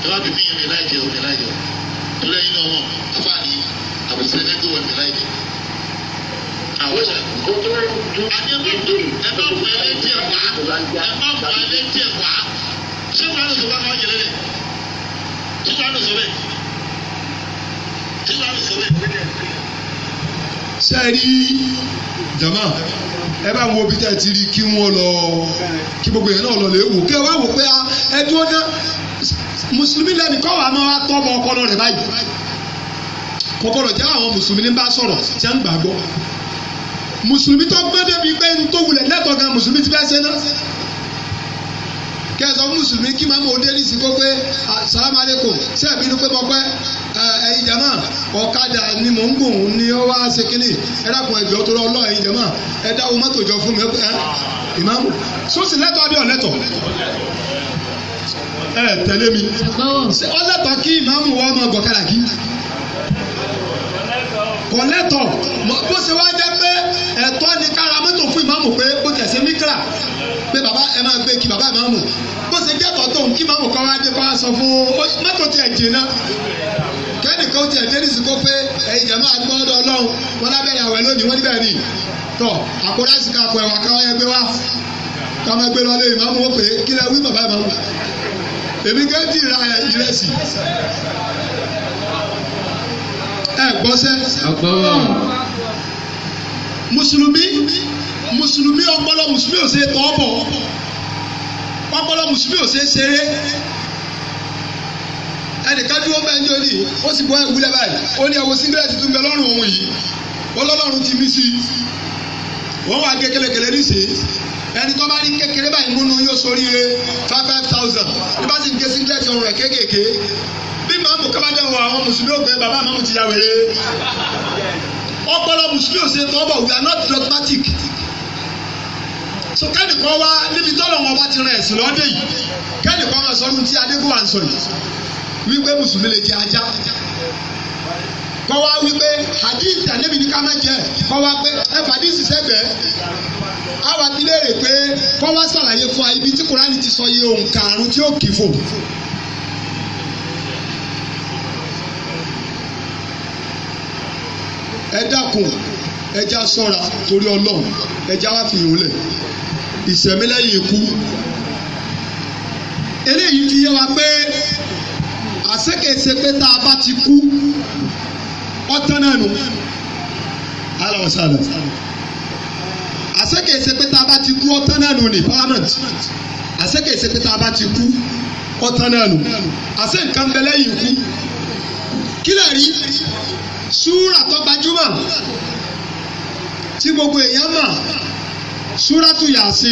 ẹ bá bíbí yẹn mi láìjẹ o mi láìjẹ o torí ẹyin náà wọn afáàní àbùsí ẹlẹ́gbẹ́ wọn mi láìjẹ. àwọn àdébòtò ẹ má fọ ẹlẹ́dẹ̀ wá ẹ má fọ ẹlẹ́dẹ̀ wá ṣé wọn lọ sọ bá wọn jẹ lẹ́dẹ̀ ṣé wọn lọ sọ bẹ́ẹ̀. sẹ́ẹ̀rí jama ẹ bá ń wo bí tẹ́ ẹ ti rí kí wọ́n lọ kí gbogbo yẹn náà lọ lè wò kí ẹ wá wò pé ah, ẹ dúró ná mùsùlùmí lẹ́nu kọ́ wàá máa tọ́ ọmọ ọkọ rẹ̀ báyìí kọ́kọ́rọ̀ jẹ́ àwọn mùsùlùmí ní bá sọ̀rọ̀ tí a ń gbàgbọ́ mùsùlùmí tó gbé débi pé ń tó wulẹ̀ lẹ́tọ̀ọ́ gan mùsùlùmí ti fẹ́ ṣe náà kẹsàn mùsùlùmí kí máa mọ̀ ọ́ ní ìsìnkú pé assalamu ah, alaikum ni pé mo pẹ́ ẹ̀yin jama ọ̀kadà ni mò ń gùn ní ó wá ṣe kínní ẹ dákun ẹjọ́ tó lọ ọlọ́ ẹ̀yin jama ẹ dáwọ mọ́tò jọ fún mi ẹ ìmáàmù sósì lẹ́tọ̀ àbí ọ̀lẹ́tọ̀ ẹ tẹ̀lé mi ọ̀lẹ́tọ̀ kí ìmáàmù wọ́n mọ gọ̀kadà kí kọ̀lẹ́tọ̀ bó ṣe wá jẹ́ pé ẹ̀tọ́ ni kára mọ́tò fún ìmáàmù pé ó tẹ̀sí mikra pé bàbá ẹ máa gbé kí bàbá ìmáàmù bó ṣe jẹ́ tọ́tọ̀ kí ìmáàmù kọ́ wá dé kọ́ wá sọ fún mọ́tò tiẹ̀ jìnnà kó tiẹ̀ dénìsì kó pé ẹ̀yin jẹ̀ máa gbọ́ ọ̀dọ̀ ọlọ́run wọn lábẹ́rẹ́ lónìí wọ́n níbẹ̀ ni tọ̀ àkórá sì ká pọ̀ ẹ̀wà káwọn ẹgbẹ́ wa káwọn ẹgbẹ́ lọ lé ìmáàmù ó pè é kí lẹ wí bàbá ìmáàmù èmi gé ti ra ìrẹsì ẹ gbọ́ sẹ́ mùsùlùmí mùsùlùmí ọpọlọ mùsùlùmí ò ṣe tọ́ bọ̀ ọpọlọ mùsùlùmí ò ṣe ṣeré ẹnìkan dúró bẹ́ẹ̀ ní ó sì bọ́ ìwúlẹ̀ báyìí ó ní ẹ̀wọ̀ sígírẹ́tì tún bẹ lọ́rùn òun yìí ọlọ́lọ́run ti mí sí i wọ́n wá gé kélékèlé nísìnyí ẹni tó bá ní kékeré báyìí múnú yóò sórí rẹ five five thousand bí bá sì ń gé sígírẹ́tì ọrùn rẹ̀ kéékèèké bí màmú kábàdé wọ àwọn mùsùlùmí ògbẹ́ bàbá màmú ti ya wèrè ọpọlọ mùsùlùmí ò ṣe tọ́ bọ̀ we are not dogmatic so kẹ́nìkan wá níbi tọ́lọ̀ wọn bá ti rìn ẹ̀sìn lọ́dẹ yìí kẹ́nìkan máa sọ ọdún tí adébúwa ń sọ yìí wípé mùsùlùmí lè jẹ ajá kọ́ wá wípé hadith anabi ní ká má jẹ kọ́ wá pé ẹ fàdí sísẹ́gbẹ̀ẹ́ àwa bí léèrè pé kọ́ wá sàlàyé fún wa ibi tí kúránì ti sọ iye òǹkà àrùn tí ó kì í fò. ẹ dákun ẹja ṣọ́ra torí Ọlọ́run ẹja wá fi ìhòòlẹ ìṣẹ̀mí lẹ́yìn ikú eléyìí fi yé wa pé àṣekèsè pé tá a bá ti kú ọtán náà nù alawasala àṣekèsè pé tá a bá ti kú ọtán náà nù ní parliament àṣekèsè pé tá a bá ti kú ọtán náà nù àṣe nǹkan bẹ lẹ́yìn ikú kílẹ̀ rí súrà tó gbajúmọ̀ tí gbogbo èèyàn mọ̀ súrà tó yà sí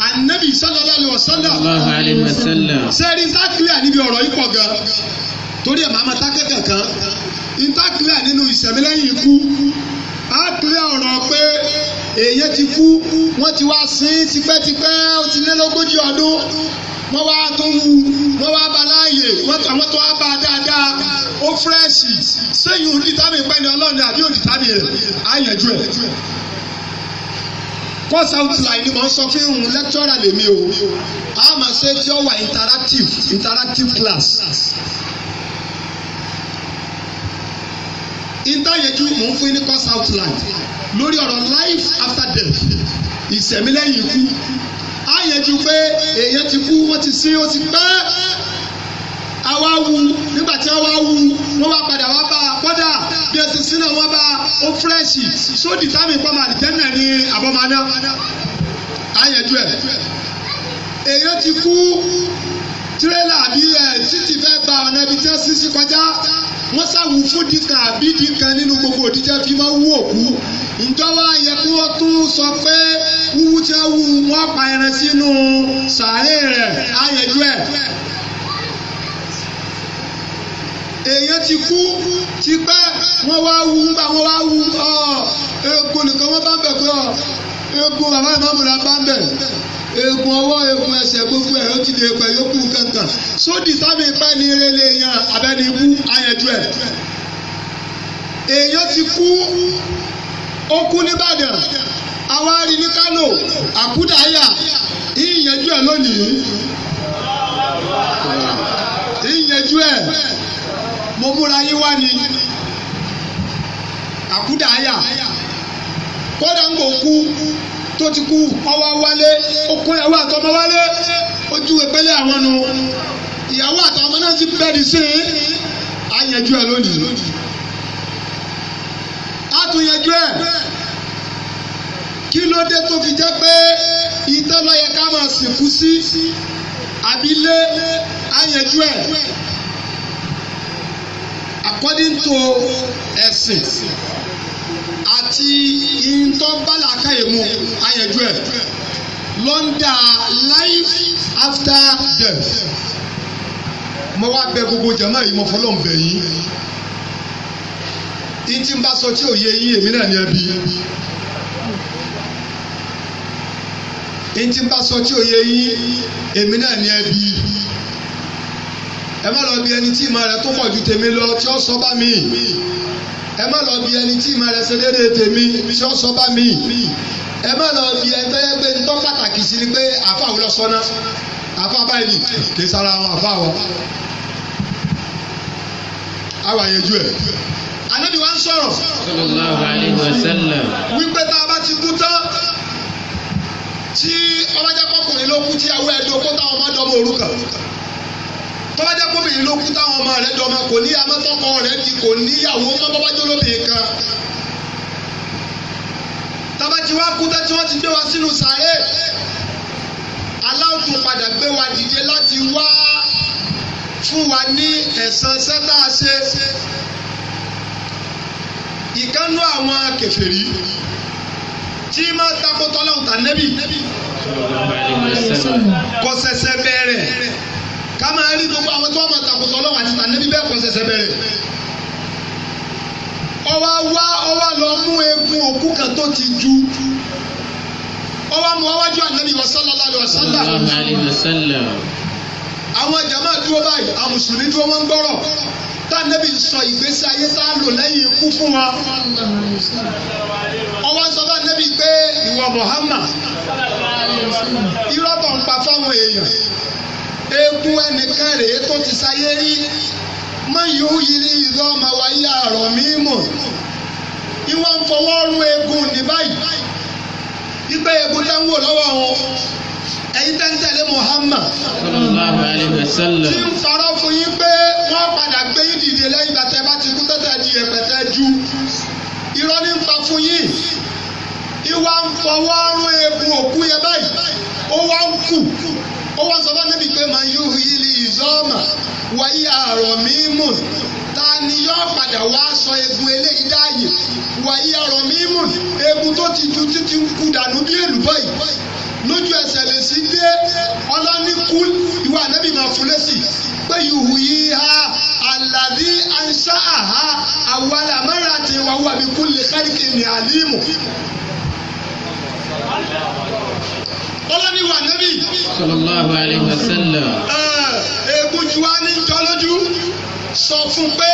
anabi sallallahu alaihi wasallam. sallallahu alaihi wasallam. sẹ́ẹ̀rì ń tákìlẹ̀ níbi ọ̀rọ̀ yìí pọ̀ gan torí ẹ̀ máa ma tá kẹ́kẹ̀ kan ń tákìlẹ̀ nínú ìṣẹ̀mílẹ́yìn ikú á kílẹ̀ ọ̀rọ̀ pé èyí ti kú wọ́n ti wá sin tipẹ́tipẹ́ ó ti lé lógójì ọdún wọ́n wá tó ń wu wọ́n wá ba láàyè àwọn tó wá ba dáadáa ó fírẹ́ṣì sẹ́yìn òdìtàmì pẹ́ni ọlọ́run àbí òdìtàmì rẹ̀ á yẹjú first outline ni mo ń sọ fún ìhun lecturer lèmi o a máa ṣe tí ó wà interactive interactive class. intanyeju mo ń fún ní course outline lórí ọ̀rọ̀ life after death ìṣẹ̀mí lẹ́yìn ikú á yẹjú pé èèyàn ti kú wọ́n ti sin ó ti pẹ́. àwa wu nígbà tí wu wọ́n wá padà wá bá a bí sínú wọn bá ó fúrẹ́ṣì sódì táwọn ìpamọ́ àdìjẹ́nà ní àbọ̀mọ́ná ayẹ̀dù ẹ̀ èèyàn ti kú tírélà àbí ẹ̀ títì fẹ́ gba ọ̀nà ibi tí wọ́n sí kọjá wọ́n sáwù fún dìkan àbí dìkan nínú gbogbo òdìjẹ́ fi máa wú òkú ǹjọ́wọ́ yẹ kí wọ́n tún sọ pé wúwú tí wọ́n wú wọ́n pa èèyàn ti kú ti pẹ́ wọ́n wá wú bá wọ́n wá wú ọ egun nìkan wọ́n bá ń bẹ̀ pé ọ egun bàbá ìmáàmù la bá ń bẹ̀ egun ọwọ́ egun ẹsẹ̀ gbogbo ẹ̀ ó ti di egun ẹ̀ yókù kankan sódì sábì pẹ́ ní erélé yẹn abẹ́ni ikú ayẹ̀jú ẹ̀ èèyàn ti kú ó kú nìbàdàn àwa rí ní Kánò àkúdàáyà ìyẹ̀jú ẹ̀ lónìí ìyẹ̀jú ẹ̀. mo múra yín wá ni àkúdàáyà kódà ń kò tó ti kú ọwọ́ wálé okun ìyàwó àtọmọ wálé ojú ìpele àwọn nu ìyàwó àtọmọ náà ti bẹ̀rẹ̀ sí i á yanjú ẹ lónìí á tún ẹ kí ló dé tó fi jẹ́ pé ká máa sìnkú sí á according to ẹ̀sìn àti ìtọ́bálàkà èmu ayẹ̀jú ẹ̀ lọ́ndà life after death mo wá bẹ gbogbo jama yìí mo fọlọ́ nbẹ yìí ìtì ń bá sọ tí òye yín èmi náà ní ẹbí ìtì ń bá sọ tí òye yín èmi náà ní ẹbí ẹ má lọ bí ẹni tí ìmọ̀ rẹ̀ tó pọ̀ ju tèmi lọ tí ó sọ bá mi ẹ má lọ bí ẹni tí ìmọ̀ rẹ̀ ṣe déédéé tèmi tí ó sọ bá mi ẹ má lọ bí ẹni tó yẹ pé ń tọ́ pàtàkì sí ni pé àfa àwọn lọ sọ́nà àfa báyìí kì í sara àwọn àfa àwọn àwọn àyẹjú ẹ anabi wa ń sọ̀rọ̀. sallallahu alayhi wa sallam. wípé tá a bá ti kú tán tí ọlọ́jà kọkùnrin ló kú tí awé ẹ̀dùn kó táwọn má dọ́mọ òrukàn tọ́ba jẹ́ kóbìnrin ló kú táwọn ọmọ rẹ̀ dọ́mọ kò ní amọ́tọ́kọ rẹ̀ di kò níyàwó mọ́ bọ́bá jẹ́ olóbìnrin kan tọ́ba ti wá kú tán tí wọ́n ti gbé wa sínú sàárè aláwùjọ padà gbé wa dìde láti wá fún wa ní ẹ̀san sẹ́tà ṣe ìkánú àwọn kèfèrí tí máa takò tọ́lọ́hùn tà nẹ́bì kò ṣẹ̀ṣẹ̀ bẹ̀rẹ̀ ká máa rí gbogbo àwọn tí wọ́n máa takùtà ọlọ́run àti tànẹ́bí bẹ́ẹ̀ kọ́ ṣẹ̀ṣẹ̀ bẹ̀rẹ̀ ọwọ́ wá ọwọ́ lọ mú egun òkú kan tó ti ju ọwọ́ mu ọwọ́jú ànábì sallallahu alaihi wasallam àwọn jama dúró báyìí àwọn dúró wọn gbọ́rọ̀ tànẹ́bí sọ ìgbésí ayé tá a lò lẹ́yìn ikú fún wa ọwọ́ sọ bá pé ìwọ Muhammad irọ́ tó ń pa fáwọn èèyàn eégún ẹnìkan rèé tó ti sáyé rí mọ̀yìí yìí ìlú ọmọ wa yí àrọ̀ mí ìwọ ń fọwọ́ rún eégún ní ìgbẹ́ eégún tẹ́ ń wò lọ́wọ́ wọn ẹ̀yin tẹ́ ń tẹ̀lé Muhammad tí ń farọ́ fún yín pé wọ́n padà gbé yín dìde lẹ́yìn ìgbà bá ti kú tẹ́tẹ́ di ẹ̀pẹ̀tẹ́ ju irọ́ ní ń pa fún yín ìwà ń fọwọ́ rún eégún òkú yẹn báyìí ó wá ń kù ó wá sọ fún anábì pé màá yú ilé ìzọ́ọ̀mà wáyé àrọ̀ mímù ta ni yóò padà wá sọ egun eléyìí dáàyè wáyé àrọ̀ mímù egun tó ti ju títí ń kú dànù bí èlùbọ́ yìí lójú ẹsẹ̀ lè sí dé ọlọ́nikú ìwà anábì máa fún lẹ́sì pé ìhù yìí ha àlàdí àṣà àhá àwọn àmàrà àti ìwà wà bí kú lè káríkì ní àlímù ọlọ́ni wà nẹ́bí. sallallahu alayhi egun ju wa ní jọlójú sọ fún pé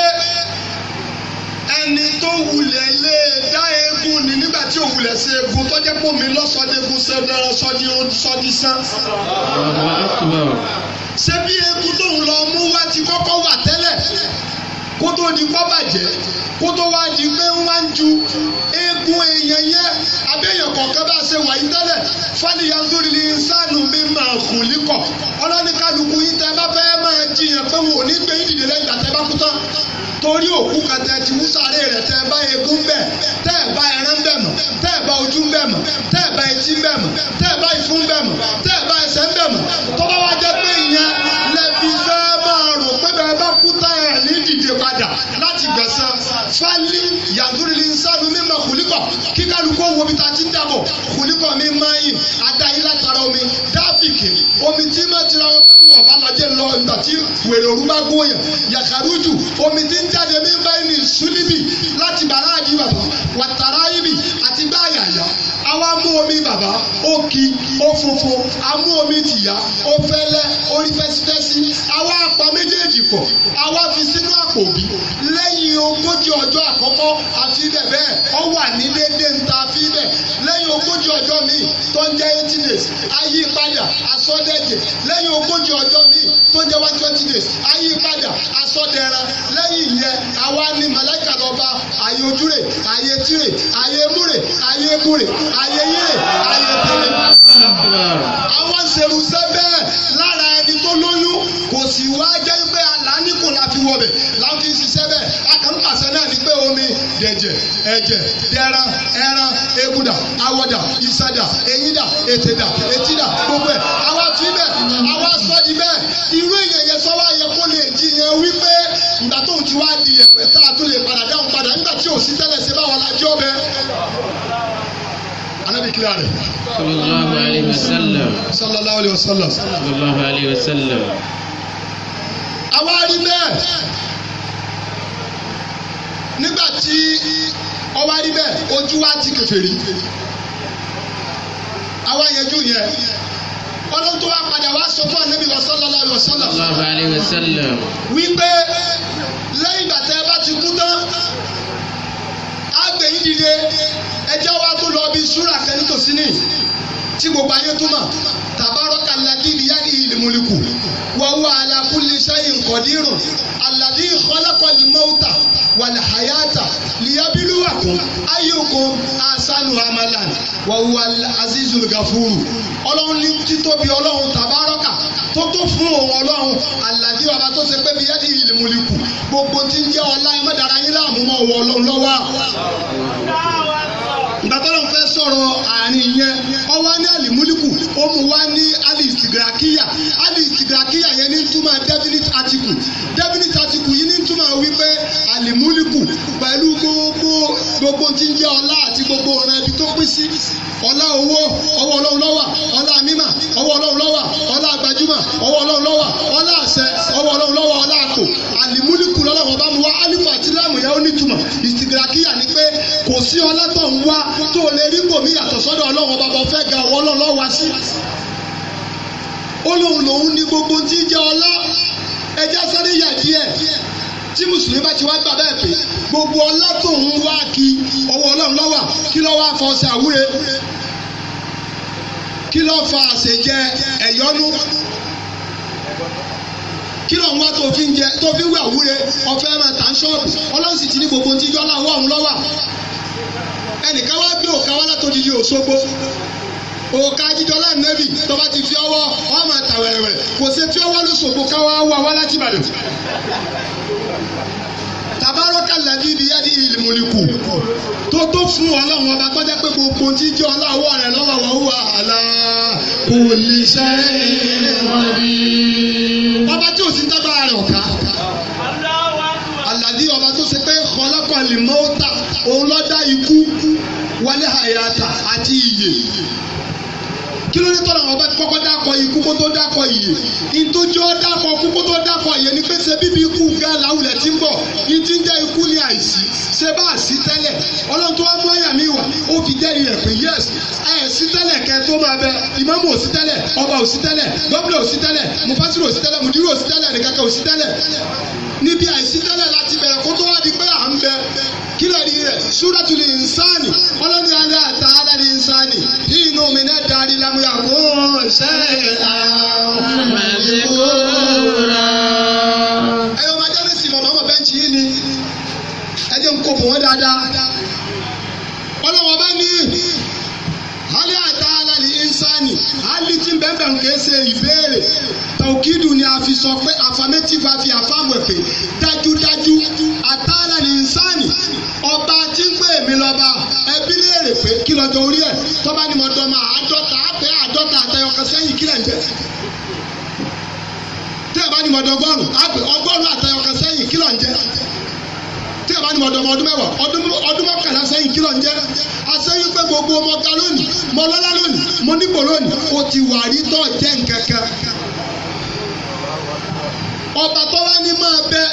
ẹni tó wulẹ̀ lé dá egun ni nígbà tí ò wulẹ̀ sí egun tó jẹ́ pò mí lọ́sọdẹ́gun sẹ́dára sọdí sọdí sán. ṣé bí egun tóun lọ mú wá ti kọ́kọ́ wà tẹ́lẹ̀ kó di kọ́ bàjẹ́ kó tó wá di pé ń wá ń ju eegun èèyàn yẹ abẹ́yẹn kọ̀ọ̀kan bá ṣe wà yí tẹ́lẹ̀ fàlìyà sórí ni sànù mi máa kù líkọ̀ ọlọ́nìkàlùkù yìí tẹ́ bá fẹ́ máa jiyàn pé wò ní gbé ìdílé lẹ́yìn àtẹ́ bá kú tán torí òkú kan tẹ ti mú sáré rẹ̀ tẹ bá eegun bẹ̀ tẹ́ bá ẹran bẹ̀ mọ̀ tẹ́ bá ojú bẹ̀ mọ̀ tẹ́ bá etí bẹ̀ mọ̀ tẹ́ bá ìfún bẹ̀ mọ̀ tẹ́ bá ẹsẹ̀ bẹ̀ mọ̀ tọ́ bá wá jẹ́ pé ìyẹn fali yàtúrì ní sáàdù mímọ kùlíkọ kíkàlùkọ wo mi ta ti ń dàbọ kùlíkọ mi máa yìn adáyé látara omi dáfíkì omi tí máa tira wọn fún wọn bá lajẹ lọ ìgbà tí wèrè òru bá gbó yàn yàkàrújù omi tí ń jáde mi bá ní súlíbì láti bàrá àdì bàbá wàtàrà ibì àti bá yàyà àwa mú omi bàbá ó kí ó funfun àmú omi tìyà ó fẹlẹ rí fẹsifẹsi àwa àpọ̀ méjèèjì pọ̀ àwa fi sínú àpò bí lẹ́yìn ogójì ọjọ́ àkọ́kọ́ àti ibẹ̀ bẹ́ẹ̀ ọ wà ní déédéé nta fi bẹ̀ lẹ́yìn ogójì ọjọ́ míì tó ń jẹ́ eighty days ayé padà asọ́dẹ̀jẹ̀ lẹ́yìn ogójì ọjọ́ míì tó ń jẹ́ one twenty days ayé padà asọ́dẹ̀ran lẹ́yìn ìyẹn àwa ni màláìkà lọ bá ayé ojúrè ayé tìrè ayé múrè ayé búrè ayé yírè ayé tẹ̀lé. àwọn ṣèrùsẹ́ bẹ́ẹ̀ wá jẹ́ pé aláníkù la fi wọbẹ̀ láwọn fi ṣiṣẹ́ bẹ́ẹ̀ akànpàṣẹ náà ni pé omi dẹ̀jẹ̀ ẹ̀jẹ̀ dẹran ẹran egudà awọdà ìsàdà eyídà ètèdà etídà gbogbo ẹ̀ àwa fi bẹ́ẹ̀ àwa sọ di bẹ́ẹ̀ irú èèyàn sọ wá yẹ kó lè jiyàn wípé ìgbà tóun ti wá di ẹ̀pẹ̀ tá a tún lè padà dáhùn padà nígbà tí ò sí tẹ́lẹ̀ sí báwọn alájọ́ bẹ́ẹ̀ anabi kila rẹ. sallallahu alayhi wa sallam. sallallahu alayhi wa sallam. sallallahu àwa rí bẹ́ẹ̀ nígbà tí ọba rí ojú wa ti kèfèrí àwa yẹjú yẹn ọlọ́run tó wá padà wa sọ fún wa sallallahu alaihi wasallam. sallallahu Wa wasallam. wípé lẹ́yìn ìgbà tẹ́ ti kú tán àgbẹ̀yìn dìde ẹjẹ́ wa tó lọ bí súrà kẹ́ni tòsí ni tí gbogbo ayé tó mọ̀ tàbá kàlàdí ìyáni ìlìmúlikù wàhùwà àlàkùnlé ṣẹ́yìn kọ̀dírù àlàdí ìkọlẹ́kọ̀lì mọ́tà wàlàhàyàtà lìyàbílùwàkùn ayọ̀kùn asanu amalan wàhùwà azizul gafuru ọlọ́run ní títóbi ọlọ́run tàbárọ́kà tó tó fún òun ọlọ́run àlàdí bàbá tó ṣe pé ìyáni ìlìmúlikù gbogbo tí ń jẹ́ ọlá ẹ mọ́dàrá yín láàmú mọ́ ọ̀wọ́ ọlọ́run lọ́wọ́ gbàtọ́lọ́n fẹ́ sọ̀rọ̀ àárín yẹn ọ wá ní alimuliku ó mụwa wá ní alistigrakiya alistigrakiya yẹn ní túmọ̀ definite article definite article yìí ní túmọ̀ wípé alimuliku pẹ̀lú gbogbo gbogbo tí ń jẹ́ ọlá àti gbogbo ọ̀ràn ibi tó pín sí ọlá owó ọwọ́ ọlọ́run ọlá sọ́dọ̀ ọlọ́run bàbá fẹ́ ga àwọn ọlọ́run lọ́wọ́ wá sí. ó lóun lòun ní gbogbo tí jẹ́ ọlá ẹja sáré yà díẹ̀ tí mùsùlùmí bá ti wá gbà bẹ́ẹ̀ pé gbogbo ọlá tóun wá kí ọwọ́ ọlọ́run lọ́wọ́ kí lọ́wọ́ àfọ̀ọ́sẹ̀ àwúre kí ló fa àṣejẹ ẹ̀yọ́nú kí ló wá tó fi ń jẹ tó fi ń wẹ̀ wúre ọ̀fẹ́ máa tà ń ṣọ́ọ̀bù ọlọ́run sì ti ní gbogbo ti jọ́ láwọ́ ọ̀hún lọ́wọ́ ẹnìkan wá gbé òkà wá látòdìdí Òṣogbo òkà jíjọlá nẹ́bì tọba ti fi ọwọ́ ọmọ àtàwẹ̀rẹ̀ kò ṣe fi ọwọ́ lóṣogbo káwá wà wá láti Ìbàdàn tabarọ́kà làbí ibi yá di tó tó fún ọlọ́run ọba tọ́jà pé gbogbo tí jẹ́ ọlọ́wọ́ rẹ̀ wọn wà hàlà kò lè ṣe é wọ́n rí. ọba tí ò sí tábà rẹ̀ ọ̀ka rí ọba tó ṣe pé kọlọ́kọ̀lì mọ́tà òun ló ikú wálé àyàtà àti ìyè kí ló dé tọ́lá wọn bá kọ́kọ́ dákọ̀ ikú kó tó dákọ̀ ìyè ìtòjọ́ dákọ̀ kú tó dákọ̀ ìyè ni pé ṣe bíbí ikú ga làwùlẹ̀ ti ń bọ̀ ní ti ń jẹ́ ikú ní àìsí ṣe bá àṣì tẹ́lẹ̀ ọlọ́run tó wá mú àyà mi wà ó fi jẹ́ ilẹ̀ pé yẹ́sì àìsí tẹ́lẹ̀ kẹ́ tó máa bẹ ìmáàmù òsì tẹ́lẹ̀ ọba òsì tẹ́lẹ̀ gómìnà òsì tẹ́lẹ̀ mufasiru òsì tẹ́lẹ̀ mùdírù òsì tẹ́lẹ̀ nìkankan òsì tẹ́lẹ̀ níbi àìsí tẹ́lẹ̀ láti bẹ̀rẹ̀ kó wá di pé ń bẹ kí lè rí rẹ̀ súratul insani ọlọ́ni alẹ́ àtà alẹ́ insani bí inú mi náà darí lámúyà kó ṣe àmàlẹ́kọ́ra. ẹ̀yọ́ ọmọ ajá ní sìmọ̀ mọ́mọ́ bẹ́ńkì yìí ni ẹ jẹ́ ń kó bò wọ́n dáadáa ọlọ́wọ́ bá ní alẹ́ àtà àlì insani, alìtì bẹ́ẹ̀bẹ̀ ń kèé ṣe ìbéèrè tàùkìdù ni a fi sọ pé affirmative àfi àfàmù pé dájúdájú àtàlà ní ìnsánì ọba tí ń pè mí lọ́ba ẹbí léèrè pé kí lọ́jọ́ orí ẹ̀ tọ́ba ni mo dọ́mọ àádọ́ta àpẹ́ àádọ́ta àtẹyọkan sẹ́yìn kílẹ̀ ń jẹ́ tí ẹ bá ni mo dọ́gọ́rùn-ún àpẹ́ ọgọ́rùn-ún àtẹyọkan sẹ́yìn kílọ̀ ń jẹ́ tí a bá ní ọdọ ọmọ ọdún mẹ́wàá ọdún mọ́kànlá sẹ́yìn kí ló ń jẹ́ àṣeyún pé gbogbo ọmọ lónìí mọ lónìí mo lónìí o ti wà rí tọ́ jẹ́ nǹkan kan ọba tó máa bẹ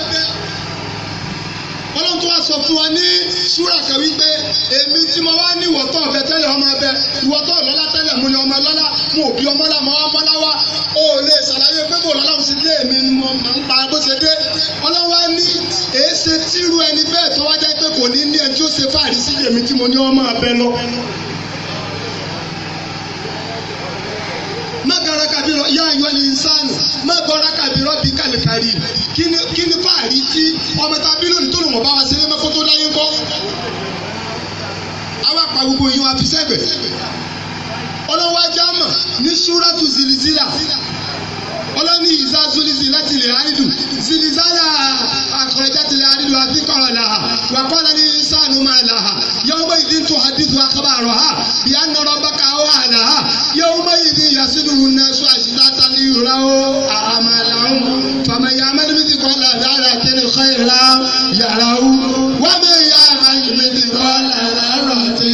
tún wá sọ fún wa ní ṣúra kan wípé èmi tí mo wá ní ìwọ́tọ̀ ọ̀bẹ tẹ́lẹ̀ ọmọ ọbẹ ìwọ́tọ̀ ọ̀lọ́lá tẹ́lẹ̀ mo ní ọmọ ọlọ́lá mo bí ọmọ ọlá mọ ọmọ ọlá wa o lè ṣàlàyé pé mo lọ́lá òsì dé èmi ni máa ń pa bó ṣe dé ọlọ́wà ní èéṣe tírú ẹni bẹ́ẹ̀ tó wá jẹ́ pé kò ní ní ẹni tí ṣe fáàrí sí èmi tí mo ní ọmọ ọbẹ lọ má gara kàbí rọ yá ayọ́ ní sáànù má gara kàbí rọ bí kàlìkàrí kí ni fàárí tí ọmọ tó lò bá wa sílé mẹ́kọ́ tó dáyé ńkọ́. àwa pa gbogbo yìí wọn fi sẹ́gbẹ̀ ọlọ́wọ́ ajá mọ̀ ní súrátù zìlìzìlà ọlọ́ni ìzá zulizi láti lè àrídù zilizala àkọ̀rẹ́jà ti lè àrídù àti kọ̀rọ̀ làhà wàkọ́lá ní sànù máa làhà yọ̀ọ́mọ ìdí tó hadithu akọ́bàrọ̀ ha bí nọ̀rọ̀ bàkà ó hà làhà yọ̀ọ́mọ ìdí yasidu nasu àṣìláta ní ìrora ó àmàlàhùn fàmàyà amẹ́lẹ́mìtì kọ́lá dára kẹ́lẹ́ kọ́lá yàrá ó wàmẹ́yà amẹ́lẹ́mìtì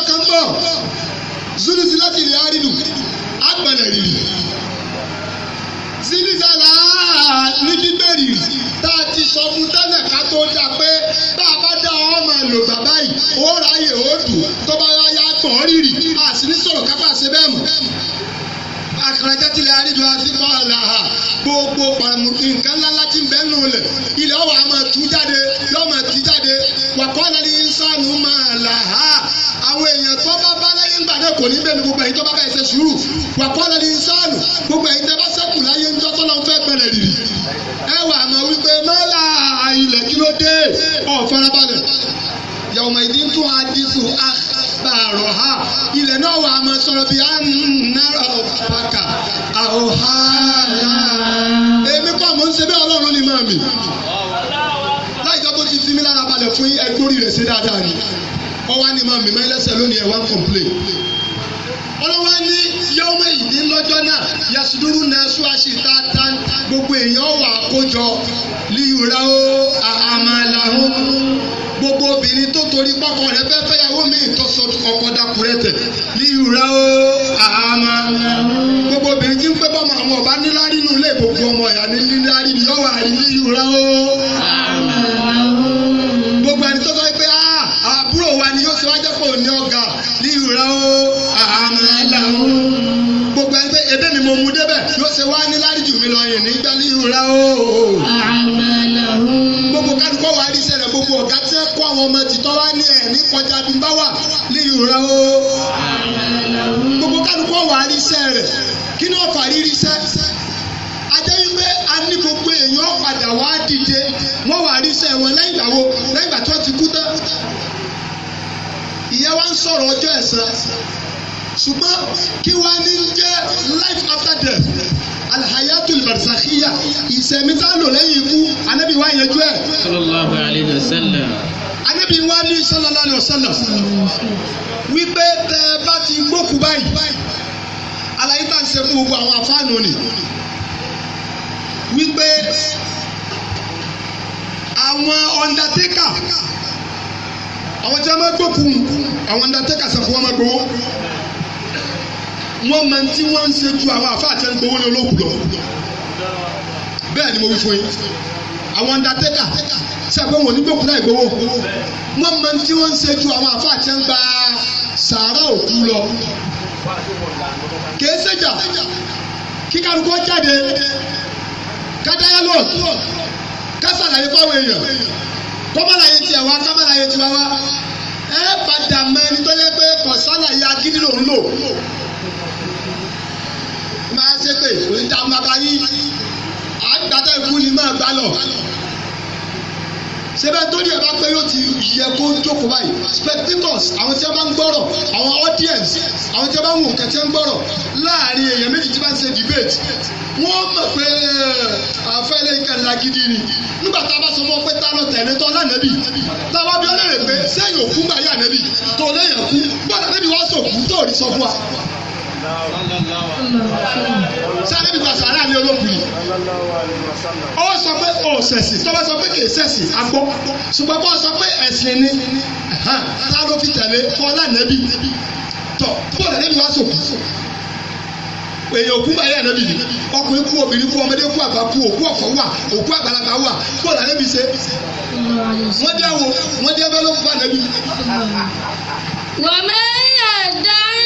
ọjọ́ kan bọ̀ zulisi láti rí àrídù agbọ̀nẹ̀ rírì zilizala ní gbígbèrì tá a ti sọ fún tẹ́lẹ̀ ká tó dá pé tá a bá dá ọ máa lò bàbá yìí ó ráyè ó dùn tó bá yá tọ̀ ọ́ rírì àti ní sọ̀rọ̀ kápá ṣe bẹ́ẹ̀ mọ̀ akarajà tilẹ̀ àríjọ àfikọ́ àlàhà gbogbo nǹkan ńláńlá ti ń bẹ́ nù lẹ̀ ilẹ̀ ọ̀wọ̀ àmọ̀ tú jáde lọ́mọ̀ tú jáde wàkọ́ lẹ́ni sànù máa làhà àwọn èèyàn tó bá bá láyé ńgbà náà kò ní bẹ́ẹ̀ ni gbogbo ẹ̀yin tó bá bá ẹsẹ̀ sùúrù wàkọ́ lẹ́ni sànù gbogbo ẹ̀yin tó bá sẹ́kù láyé ńjọ́ tó lọ́n fẹ́ pẹ̀lẹ̀ rìrì ẹ wà mọ̀ wípé mọ́lá ilẹ̀ kí ló dé ọ̀ farabalẹ̀ yàwùmọ̀ ìdí tún àdìsù àgbàrọ̀ ha ilẹ̀ náà wà á máa sọ̀rọ̀ bí ànàrà ọ̀pàkà àwòhánà. èmi kọ́ mò ń ṣe bẹ́ẹ̀ ọlọ́run ni màmí. láì jọ́ bó ti fi mí lára balẹ̀ fún ẹgbórí rẹ̀ ṣe dáadáa ni. ọwọ́ á ní màmí mẹ́lẹ́sẹ̀ lónìí ẹ̀ wá kọ̀m̀plé ọlọ́wọ́ ní yọ́wọ́ ìdí lọ́jọ́ náà yasuduru náà sún àṣìta tán gbogbo èèyàn wà kójọ líyùrá ó àmàlàhùn gbogbo obìnrin tó torí pákọ rẹ fẹ́ fẹ́yàwó mi tó sọ ọkọ dakurẹ tẹ líyùrá ó àmàlàhùn gbogbo obìnrin tí ń pẹ́ bọ́mọ àwọn ọba nílá nínú ilé gbogbo ọmọ ìyá ní nílá rí yọ̀wọ̀ àrí líyùrá gbogbo ẹni tó sọ wa ni yóò sọ wájẹ́ pé òní ọ̀gá líra ó àmàlà ó gbogbo ẹgbẹ́ ebé mi mo mú débẹ̀ yóò ṣe wá ní láríjù mi lọ yìí nígbà líra ó àmàlà ó gbogbo kálukọ́ wa rí sẹ̀rẹ̀ gbogbo ọ̀gá tí wọ́n kó àwọn ọmọ tìtọ́ wá ní ẹ̀ ní kọjá bí bá wà líra ó àmàlà gbogbo kálukọ́ wa rí sẹ̀rẹ̀ kí ni wọ́n rírí sẹ́ ajẹ́ wípé gbogbo èèyàn padà wá dìde wọ́n wà ríṣẹ́ wọn lẹ́yìn ìgbà wo lẹ́yìn ìgbà tí wọ́n ti kú tán ìyẹn wá ń sọ̀rọ̀ ọjọ́ ẹ̀san ṣùgbọ́n kí wàá ní jẹ́ life after death alhayatul barzakhiya ìsẹ̀mí tá a lò lẹ́yìn ikú anábì wá yanjú ẹ̀. sallallahu alayhi wa sallam. anábì wá ní sallallahu alayhi wa sallam wípé tẹ bá ti gbókù báyìí àlàyé tá à ń ṣe fún gbogbo àwọn afáànù ni wípé àwọn undertaker àwọn tí a máa gbókun àwọn undertakers àfọwọ́ máa gbowó wọ́n máa tí wọ́n ń ṣe ju àwọn àfáà tí a ń gbowó ní olókùn lọ bẹ́ẹ̀ ni mo wí fún yín àwọn undertaker sàgbé wọn ní gbókun láì gbowó wọ́n máa tí wọ́n ń ṣe ju àwọn àfáà tí a ń gba òkú lọ kèé sèjà kíkàlùkọ́ jáde kádáyà lọ́ọ̀kì kásàlàyé fáwọn èèyàn tọ́mọ́láyé tiẹ̀ wá kámọ́láyé tiwa wá ẹ padà mọ ẹni tó yẹ pé kọ̀sálàyé agídí lòún lò máa ṣe pé òní máa bá yí àgbàtà ìkú ni máa gbá lọ sẹ́bẹ̀ tó ní bá pé yóò ti yẹ kó jókòó báyìí spectators àwọn tí a bá ń gbọ́rọ̀ àwọn audience àwọn tí a bá ń wò kẹ́tí ń gbọ́rọ̀ láàrin èèyàn méjì tí bá ń ṣe debate wọ́n mọ̀ pé àfẹ́lẹ́ ìkànnà gidi ni nígbà tá a bá sọ fún ọ pé tánà tẹ̀lé tán lánàbì tá a bá bí ọ pé sẹ́yìn òkú gbà yà nẹ́bì tó lẹ́yìn òkú gbọ́dọ̀ nẹ́bì wá sọ̀kú tó rí sọ fún wa sáré nígbà sàrà ní olókùn yìí ó sọ pé ó sẹ̀sì tó bá sọ pé kì í sẹ̀sì agbọ́ ṣùgbọ́n bó sọ pé ẹ̀sìn ni tá fi tẹ̀lé fọlá nẹ́bí tọ̀ bóòlù nẹ́bí wá sòkù èyàn òkú báyìí ànábì ni ọkùnrin kú obìnrin kú ọmọdé kú àgbà kú òkú ọ̀fọ̀ wà òkú àgbàlagbà wà bóòlù ànábì ṣe wọ́n dé wo wọ́n dé bẹ́ẹ̀ ló ànábì. wàmẹ́yà dáhùn.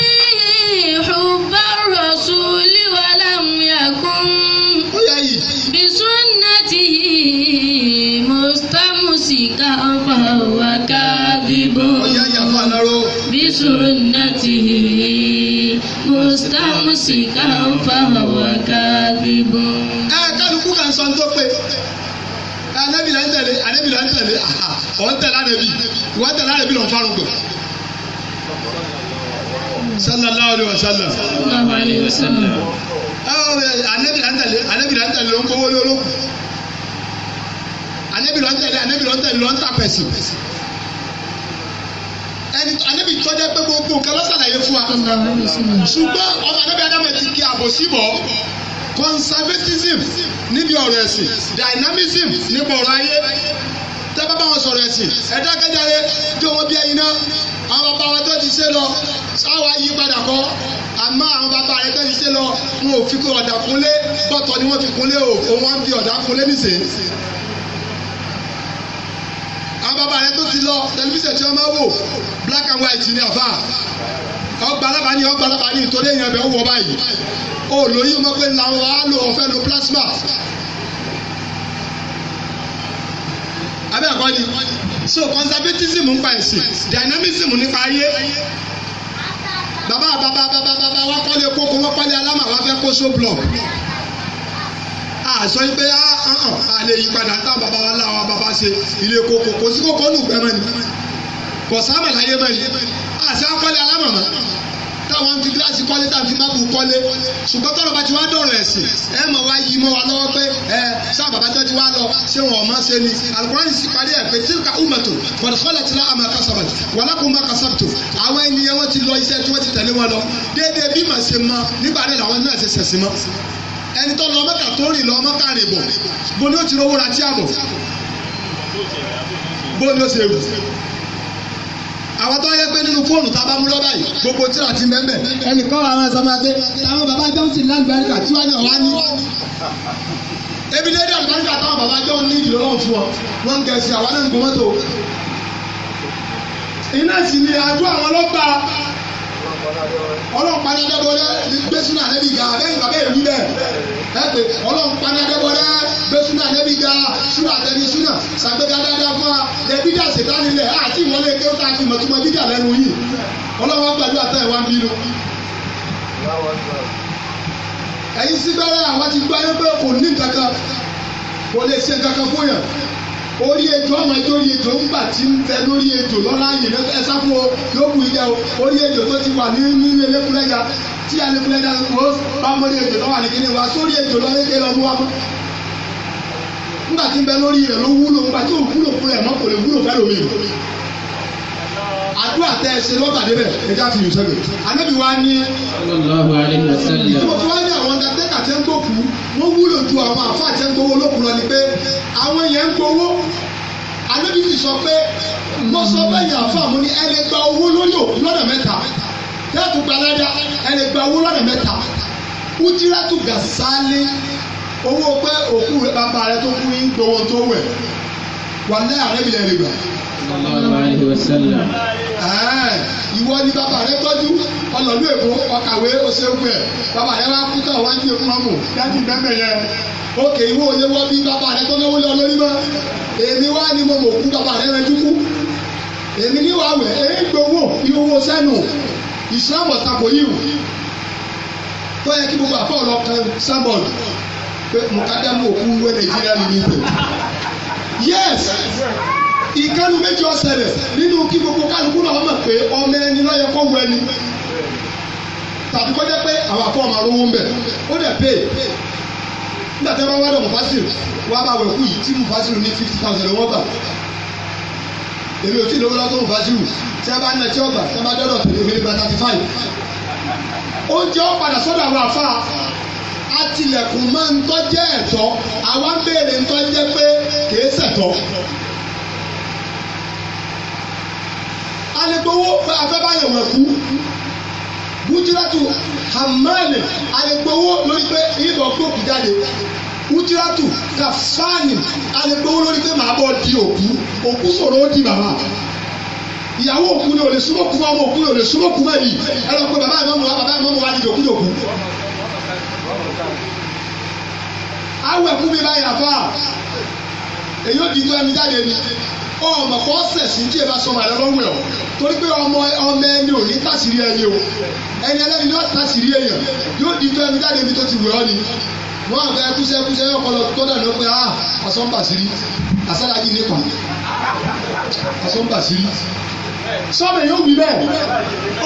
حب الرسول ولم يكن بسنته مستمسكا فهو كاذب بسنته مستمسكا فهو كاذب. ẹ kálukú kan sọ tó pé anabi la ń tẹ̀lé anabi la ń tẹ̀lé ọ̀ ń tẹ̀lé anabi wọ́n tẹ̀lé anabi lọ́n fárùn gbò sallallahu alaihi wasallam. sallallahu alaihi wasallam. anabi lantale anabi lantale ló ń kówó lé olókùn anabi lantale anabi lantale ló ń ta pẹ̀sì ẹni anabi tọ́jà pé gbogbo nǹkan lọ́sàlàyé fún wa ṣùgbọ́n ọmọ anabi adamu ti kí àbòsí bọ̀ conservatism níbi ọ̀rọ̀ ẹ̀sìn dynamism níbi ọ̀rọ̀ ayé tẹ́ bá bá wọn sọ̀rọ̀ ẹ̀sìn ẹ̀dá kẹjáre tí wọ́n bí ẹyin náà àwọn bàbá wọn tó ti ṣe lọ sáwa yí padà kọ́ àmọ́ àwọn bàbá rẹ̀ tó ti ṣe lọ wọn ò fi kó ọ̀dà kúnlé bọ́tọ̀ ni wọ́n fi kúnlé o òun wọ́n fi ọ̀dà kúnlé nìṣe. àwọn bàbá rẹ̀ tó ti lọ tẹlifíṣàn tí wọ́n máa wò black and white ni àfà ọgbà ni, ọgbà alábàání ìtòlẹ́yìn ẹ̀bẹ̀ ó wọ báyìí ó lóyún mọ́ pé làwọn á lo ọ̀fẹ́ lo plasma bẹ́ẹ̀ kọ́ ni so conservatism ń pa ẹ̀sìn dynamism nípa ayé bàbá bàbá bàbá bàbá wa kọ́lé kókó wọ́n kọ́lé alámà wá fẹ́ kó so block àṣọ yìí pé ah, ah, ah, a lè yí padà táwọn bàbá wa láwọn bàbá ṣe ilé kókó kò sí kókó lùgbẹ́ mọ́ ni kò sábà láyé mọ́ ni àṣà kọ́lé alámà mọ́ táwọn fi gíláàsì kọ́lé táwọn fi máàpù kọ́lé ṣùgbọ́n tọ́lọ̀ bá ti wá dọ̀rọ̀ ẹ̀sìn ẹ mọ̀ wá yí mọ́ wa lọ́wọ́ pé ẹ sáà bàbá tó ti wá lọ ṣé wọn ọmọ ṣe ni alukurani sì parí ẹ pé tilka umatu kọ̀dọ̀kọ́lá ti lá àmà kásábàt wàlákùn má kásábàtò àwọn ènìyàn wọn ti lọ iṣẹ́ tí wọ́n ti tẹ̀lé wọn lọ déédéé bí màá ṣe mọ nígbà náà làwọn náà ṣe ṣẹ̀ṣin mọ́ ẹni tó lọ mọ́kà tó rìn lọ mọ́kà rìn bọ̀ bó ni ó ti rówó ra tí a bọ̀ bó ni ó ṣe rù àwọn tó yẹ pé nínú fóònù tá a bá mú lọ́ba yìí gbogbo tíra ti mẹ́mẹ́. ẹnìkan wà máa sọ máa pé táwọn bàbá johnson lálùbáríkà tí wọ́n ní ọ̀wá ní. ebi lédè àlùbáríkà táwọn bàbá johnson ní ìdílé ọlọ́run fún ọ wọ́n ń gẹ̀ẹ́sì àwọn náà ń gbọ́ mọ́tò. iná sì ni àdúrà wọn lọ́gbà ọlọ́run pani adébọ̀dé gbé súnà nẹ́bí ga lẹ́yìn bàbá èmi dẹ̀ ẹ pé ọlọ́run pani adébọ̀dé gbé súnà nẹ́bí ga súnà tẹ̀lé súnà sàgbéga dáadáa fún wa ẹ bídà ṣètánì lẹ̀ àti ìmọ̀lẹ́ kéwọ́n tá a fi mọ̀túmọ̀ bídà lẹ́nu yìí ọlọ́run àgbàdua tẹ̀ wá ń bínú ẹ̀yin síbẹ̀rẹ̀ àwọn ti gbọ́ pé kò ní nǹkan kò lè ṣe nǹkan fún yàn orí ejò ọmọ ẹjọ orí ejò ńgbà tí ń bẹ lórí ejò lọ́la yìí ẹ sá fún o yóò bu ilé o orí ejò tó ti wà ní nínú elékúlẹ́jà tí elékúlẹ́jà ó bá mọ́rí ejò tó wà ní kíni wa sórí ejò lọ́wọ́ eke lọ́mú wa mọ́ ńgbà tí ń bẹ lórí rẹ̀ ló wúlò ńgbà tí ò wúlò fún rẹ̀ mọ́ kò lè wúlò fẹ́ lómi àdúrà tẹ ẹ ṣe lọ́tà débẹ̀ ẹja fi yùn sẹ́gbẹ̀ anábìwá ní. ọlọ́run àlẹ́ àti ẹ̀ ń tó kú wọ́n wúlò ju àwọn àfa àti ẹ̀ ń gbowó ni pé àwọn yẹn ń gbowó anábì sì sọ pé wọ́n àfa àmú ni ẹni gba owó lórí òkú mẹ́ta yàtò gbalada ẹni gba owó lọ́nà mẹ́ta kútírátù gàsálé owó pé òkú rẹ bàbá rẹ tó kú ń gbowó tó wẹ̀ wà ní àrẹ́bìlẹ̀ rẹ̀ gbà ìwọ ni bàbá rẹ tọ́jú ọlọ́lú èbó ọkàwé oṣèlú bàbá rẹ wá kú tán wájú ìfúnmọ́mù dájú ìdẹ́mẹ̀ yẹn. òkè ìwọ òye wọ́n bí bàbá rẹ tó náwó lé ọlọ́rí mọ́ èmi wá ni mo mọ̀ kú bàbá rẹ rẹ dúkú èmi níwàá wẹ̀ ẹ́ gbowó ìwọ sẹ́nu ìsìlámù ọ̀tàkùn yìí tó yẹ kí gbogbo àpá ọlọ́kan sábọ̀dù pé mùkádàmù òkú wẹ́ nàìjíríà ní ibẹ̀. yes ìkánu méjì ọ̀sẹ̀lẹ̀ nínú kí gbogbo kálukú náà mọ̀ pé ọmọ ẹni lọ́yẹ kọ́ wọ ẹni tàbí kọ́ jẹ́ pé àwọn àpò ọmọ arówó ń bẹ̀ ó dẹ̀ pé nígbà tí wọ́n wá dọ̀ mufasiru wọ́n bá wẹ̀ kú yìí tí mufasiru ní fifty thousand wọ́n gbà èmi ò tí ì lówó lọ́tọ́ mufasiru tí a bá ń nàtí ọgbà tí a bá dọ́dọ̀ tèmi èmi nígbà thirty five oúnjẹ ó padà sọ́dọ̀ àwọn àfa atilẹ̀kùn máa ń tọ́jẹ́ ẹ̀tọ́ àwa ń béèrè ń tọ́jẹ́ pé kèé ṣẹ̀tọ́. alẹ́gbowó afẹ́báyọ̀ mọ̀ kú wújúrátù hamani alẹ́gbowó lórí pé ìbọn gbòkú jáde wújúrátù kàfáàní alẹ́gbowó lórí pé màá bọ̀ di òkú òkú sọ̀rọ̀ ó di bàbá ìyàwó òkú ni ò lè súnmọ́ kú ọmọ òkú ni ò lè súnmọ́ kú mẹ́rin ẹ lọ pé bàbá ìmọ̀mù wa bàbá ìmọ̀mù wa di dòkúdòkú awọ ẹkú mi báyìí àfa èyí ò dìjú ẹni jáde ni ọmọ kọ́ sẹ̀sìn tí ẹ bá sọmọ àlọ́ lọ́wọ́ ẹ̀ o torí pé ọmọ ọmọ ẹni ò ní tàṣírí ẹni o ẹni ẹlẹ́ni náà tàṣírí èèyàn yóò dìjú ẹni jáde ibi tó ti wù ọ́ ni wọ́n àgbẹ̀ ẹkúṣẹ́ ẹkúṣẹ́ yóò kọ́ lọ tó dànù pé a ah, àsọ̀nbàṣírí àsádájì nípa àsọ̀nbàṣírí sọ́mọ èèyàn wí bẹ́ẹ̀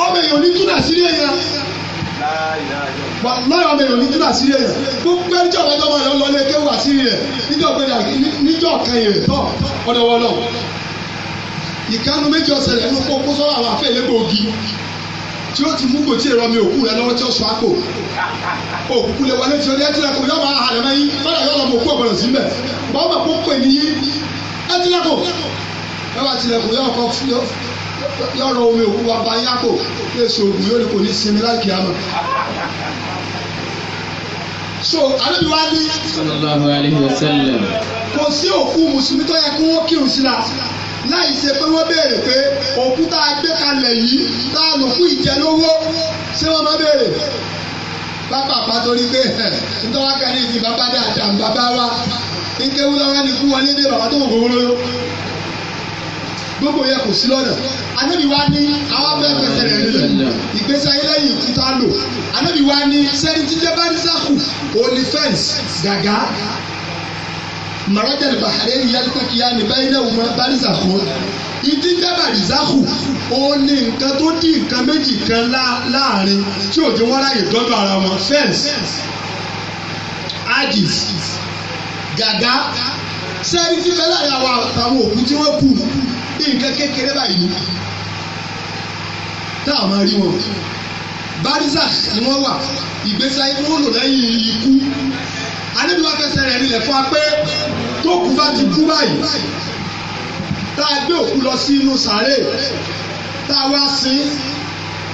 ọmọ èèyàn ní túnà sírí èèyàn wà lọ́yọ̀ ọmọ èèyàn ní túnà sírí èèyàn gbogbo ẹni tí ọ̀bájọ́ máa lọ kéwù àṣírí rẹ̀ níjọ́ gbẹ̀dà níjọ́ kan yẹn tọ́ ọ̀dọ̀wọ̀lọ̀ ìkanu méjì ọ̀sẹ̀ rẹ̀ ló kó kó sọ́wọ́ àwọn afẹ́ ìlẹ́gbẹ̀ẹ́gì tí ó ti mú kò tí ì rọmi òkú rẹ lọ́wọ́ tí ó sọ àpò òkú lè wọlé tí ó ní ẹtí lẹ́kọ̀ọ́ yóò máa hàlẹ́ mẹ́yìn fọ́nà yóò lọ́mọ òkú ọ̀bọ̀rọ̀ síbẹ̀ bọ́n bá kó pè ní yín ẹtí lẹ́kọ̀ọ́ ẹ bá tilẹ̀kùn yóò kọ́ yóò rọ omi òkú wa so anabi wa ni. sallallahu alayhi wa sallam. kò sí òkú mùsùlùmí tó yẹ kó wọ́n kírun sí la láì ṣe pé wọ́n béèrè pé òkú tá a gbé kalẹ̀ yìí tá a lò fún ìjẹlówó ṣé wọ́n máa béèrè bàbá àpàtọ́rí pé ntọ́wá kan ní bàbá dáadáa bàbá wa nkéwu lọ́wọ́ ni kú wọlé dé bàbá tó wọ̀ gbogbo lóyún gbogbo yẹ kò sí lọ́nà anabi wa ní àwọn abẹ́ pẹ̀tẹ̀ rẹ̀ nílẹ̀ ìgbésí ayé lẹ́yìn ikú tá a lò anabi wa ní sẹ́ni jíjẹ́ bá ní sáàkù òní fẹ́ǹsì gàgá mọ̀rọ́jà ìbàhárẹ́ ìyálùtàkìyà ní báyìí náà wọ́n bá ní sàkó ìdí jábà ìzákù òun ni nǹkan tó dín nǹkan méjì kan láàrin tí òjò wọn ráyè tọ́jú ara wọn fẹ́ǹsì ajis gàgá sẹ́ni tí bẹ́ẹ̀ láàrin àwọn àtàwọn òkú tí wọ́n kù nǹkan kékeré báyìí tá a máa rí wọn barzakh ni wọ́n wà ìgbésí ayé wọn lò lẹ́yìn ikú anábì wa fẹsẹ̀ rẹ̀ nílẹ̀ fún wa pé tó kù bá ti kú báyìí tá a gbé òkú lọ sí inú sàárè tá a wá sin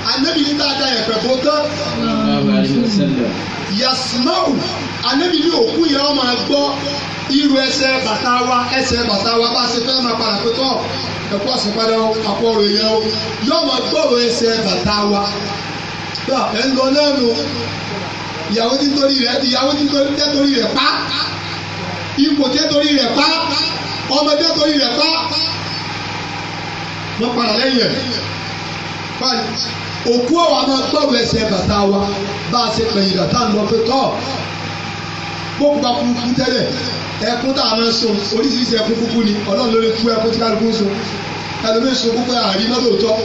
anabi ní tá a da yẹ̀pẹ̀ bò tán. yasmau anabi ní òkú yẹn wọ́n máa gbọ́ irú ẹsẹ̀ bàtà wa ẹsẹ̀ bàtà wa bá a ṣe fẹ́ máa padà pé tọ́ ẹ̀kọ́ àṣepadà àpọ̀rọ̀ yẹn o yọ máa gbọ́rọ̀ ẹsẹ̀ bàtà wa. gbà ẹ̀ ń lọ lẹ́nu ìyàwó nítorí rẹ̀ ìyàwó nítorí rẹ̀ pa ipò tẹ́torí rẹ̀ pa ọmọ tẹ́torí rẹ̀ pa wọ́n padà lẹ́yìn ẹ̀ òkú ọ̀wà máa gbọ́rù ẹsẹ̀ bàtà wa bá a ṣe pẹ̀yìn bàtà ń lọ pé tọ́ gbogbo bá kúkú tẹ́lẹ̀ ẹkún tá a máa ń sun oríṣiríṣi ẹkún kúkú ni ọlọ́run ló lè tú ẹkún tí kálukú ń sun ẹlòmíín sunkún pé àrí mọ́tò tọ́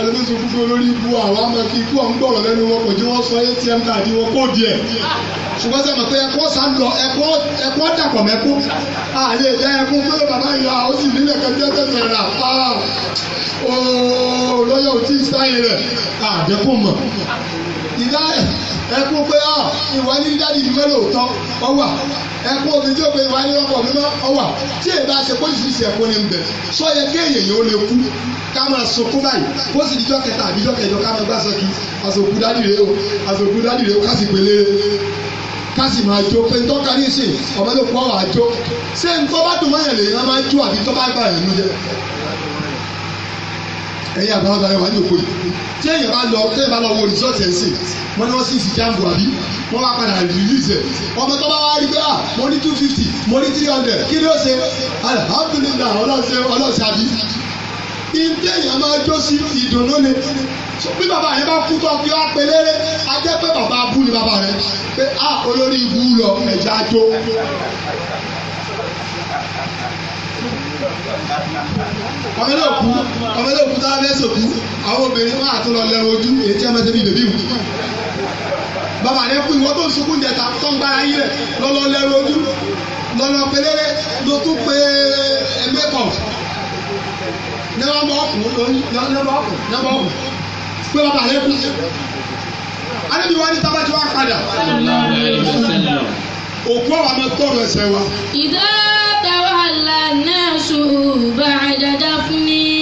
ẹlòmíín sunkún pé olórí ibu àwọn amẹ́kí ikú ọ̀hún gbọ̀rọ̀ lẹ́nu wọn kò jẹ́ wọ́n sọ atm káàdì wọn kó díẹ̀ ṣùgbọ́n sọ pé ẹ̀kọ́ sá lọ ẹ̀kọ́ ẹ̀kọ́ dàpọ̀ mẹ́kú àlè ìyá ẹ̀kú pé bàbá yà ó sì nílẹ̀ kẹjọ tẹ̀sán rà olóyè ò tí ì sáyé rẹ̀ àdẹ́kùn mọ̀ ìdá ẹkún pé ọ ah, ìwà ní dáàdi ìdúgbò lóòótọ́ ọ wà ẹkún omi tí ó pe ìwà ní ọkọ̀ mímọ́ ọ wà tí èyí bá ṣe pósìtìsì ẹkún ní bẹ̀ sọ yẹ kéèyàn yóò lè kú ká máa sunkún báyìí pósìtì jọ kẹta àbí jọ kẹjọ ká máa gbà sọ kí àsòkú dáàdi rèé o àsòkú dáàdi rèé o ká sì pélé kasi máa jó pé tọ́ka ní ìsìn ọmọ ló kọ́ wàá jó ṣé nǹkan bá dùn mọ́yàn lè yàn máa jó àbí tọ́ bá gbà yàn ẹ̀yin àtàwọn ọ̀dọ́ ayọ̀wá ní òkú yìí tí èyàn bá lọ tí èyàn bá lọ wo resort ẹ̀ sìn wọ́n ní wọ́n sì sí jambu àbí wọ́n wá padà release ẹ̀ ọmọ tó bá wá rí pé à ah, mo ní two fifty mo ní three hundred kí ni ó ṣe alhamdulilayi ọlọ́ọ̀ṣẹ́ ọlọ́ọ̀ṣẹ́ àbí ilé èèyàn máa jó sí ìdùnnú ni bí bàbá yẹn bá kú tó fi wá pe léré a jẹ́ pé bàbá abú ni bàbá rẹ pé a ah, olórí ibú lọ ẹ̀já jó ọmọlẹ́òkú ọmọlẹ́òkú tá a fẹ́ sòbí àwọn obìnrin wọn àtúnlọ lẹ́nu ojú èyí tí a máa ṣe bí bèbí wù. bàbá rẹ kú ìwọ tó ń sunkún jẹta tó ń gbára yín rẹ lọlọ lẹ́nu ojú lọlọ pelére ló tún pe mẹ́kọ̀p nẹ́wọ́ mọ́ ọkùn nẹ́wọ́ ọkùn nẹ́wọ́ ọkùn pé bàbá rẹ kú. anábì wa ní tábàtì wa padà. òkú àwọn ọmọ tọrọ ẹsẹ wa. ìdá tàwa. الناس بعد دفني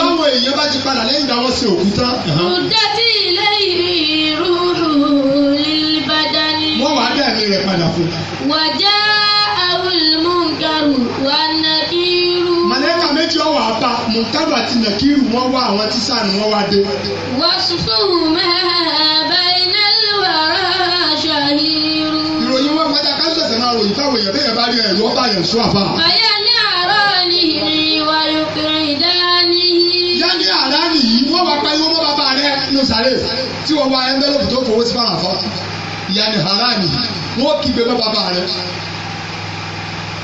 táwọn èèyàn bá ti padà lẹ́yìn ìdáwọ́ sí òkú tán. mudati ilayhi ruhu lil badani. wọ́n wàá dàbí rẹ̀ padà fún un. wàjà awul munkaru wà nàkírù. màlẹ́kà méjì ọ̀wọ̀ àbá munkaru àti nàkírù wọ́n wá àwọn tí sáà ni wọ́n wá dé. wàsùfù máa bayna al-wara shahiru. ìròyìn wọn fọdà ká náà ròyìn táwọn èèyàn bẹ́ẹ̀ bá rí ẹ̀rọ bá yẹn sún àbá. bàyà wọ́n bá pariwo mọ́ bàbá rẹ nínú sàré tí wọ́n wá ẹnvẹ́lọ́pù tó fowó sí fáwọn afọ́ ìyànnì harami wọ́n kígbe mọ́ bàbá rẹ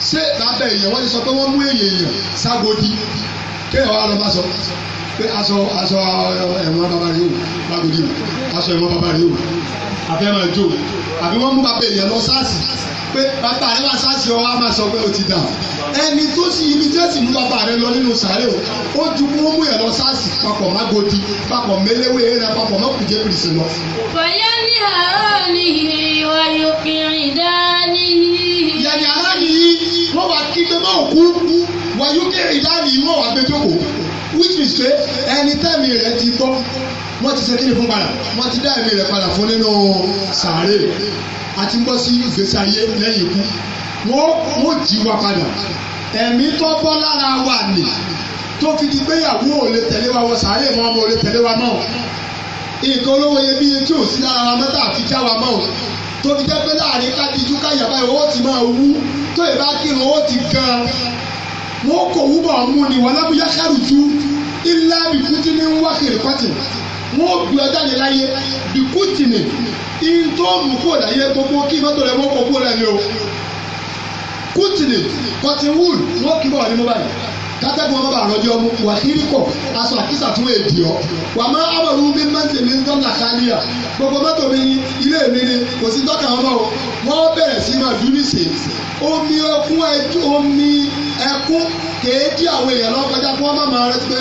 ṣé lábẹ́ èèyàn wọ́n ti sọ pé wọ́n mú èèyàn ságodi kéèyàn wá lọ bá sọ pé aṣọ aṣọ eh, ẹ̀wọ̀n bàbá rẹ o ságodi aṣọ ẹ̀wọ̀n bàbá rẹ o àfẹ́ máa jó àbí wọ́n mú bàbá èèyàn lọ sáàsì pé bàbá rẹ wà sáàsì ọ wá máa sọ pé o ti dà ẹni tó sì ibi tí ó sì mú bàbá rẹ lọ nínú sàárè o ó ju kó mú yẹn lọ sáàsì papọ̀ má godi papọ̀ mẹlẹ́wé rẹ papọ̀ má kùjẹ́ pìrìsì lọ. bọ̀yá ní àárọ̀ ni ìwàyò kìrìn dání. yẹ̀ni ara nìyí wọ́n wá kí pé máa kú wàyò kìrìn dání wọ́n wá gbé jókòó which means pé ẹni tẹ́mi rẹ̀ ti tọ́ wọ́n ti ṣe kí ni fún padà wọ́n ti dá ẹ̀mí rẹ̀ padà fún nínú sàárè àti ń bọ́ sí ìgbésí ayé lẹ́yìn ikú wọ́n wọ́n jí wa padà ẹ̀mí tó bọ́ lára wa nì tó fi di pé ìyàwó ò lè tẹ̀lé wa wọ sàárè mọ́ ọmọ ò lè tẹ̀lé wa mọ́ nǹkan olówó yẹ bí etí ò sí lára wa mọ́tà àfi já wa mọ́ tó fi jẹ́ pé láàrin kájíjú káyà báyìí owó ti máa wú tó yẹ kírun owó ti gan wọ́n kò wúbọ̀ mú ni wọ́n lábúyá sárùjú ilé àbíkú tí ní ń pátì wọn ò gbé ọjà ní láyé bìkútì ní ihun tó mú kó láyé gbogbo kí mọ́tò rẹ̀ wọ́n kó kó lẹ́nu o kútìlì cotton wool wọ́n kí bọ̀rọ̀ ní mobile kátẹ́gùn ọmọ bàrọ̀ di ọmọ wà kíríkọ̀ aṣọ àkísà tún èdè ọ wà má ábọ̀rù bí mẹ́tì mi ń dọ́là kálíà gbogbo mọ́tò mi ní ilé mi ní kò sí dọ́kà ọmọ o wọ́n bẹ̀rẹ̀ sí máa dún nísìn omi ẹkún omi ẹkún kéèjì àwọn èèyàn lọ́kọjá fún ọmọ màá rẹ pé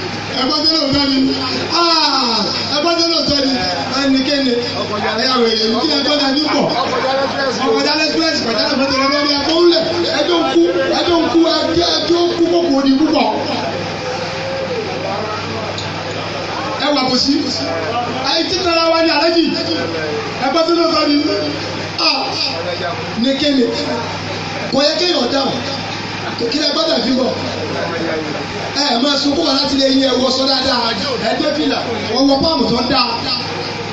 ẹgbẹ́ tó lò tọ́ ni ẹgbẹ́ tó lò tọ́ ni ẹnikẹ́ni ẹ̀yàwó èyí kí ni ẹgbẹ́ náà ní pọ̀ ọ̀kọ̀dá lẹ́sìpẹ́sì pàtàkì ọ̀kọ̀dá lẹ́sìpẹ́sì akọ́wúlẹ̀ ẹjọ́ ń kú ẹjọ́ ń kú ẹjọ́ ń kú kókò ní púpọ̀ ẹ wà bó sí ayé títara wa ní alájì ẹgbẹ́ tó lò tọ́ ni nìkéni kò yẹ kéèyàn dáhùn kí lẹ gbọ́dọ̀ fi bọ̀ ẹ ẹ máa sunkún wa láti lè yín ẹ wọṣọ dáadáa ẹ fìlà wọn wọ páàmù tó ń dáa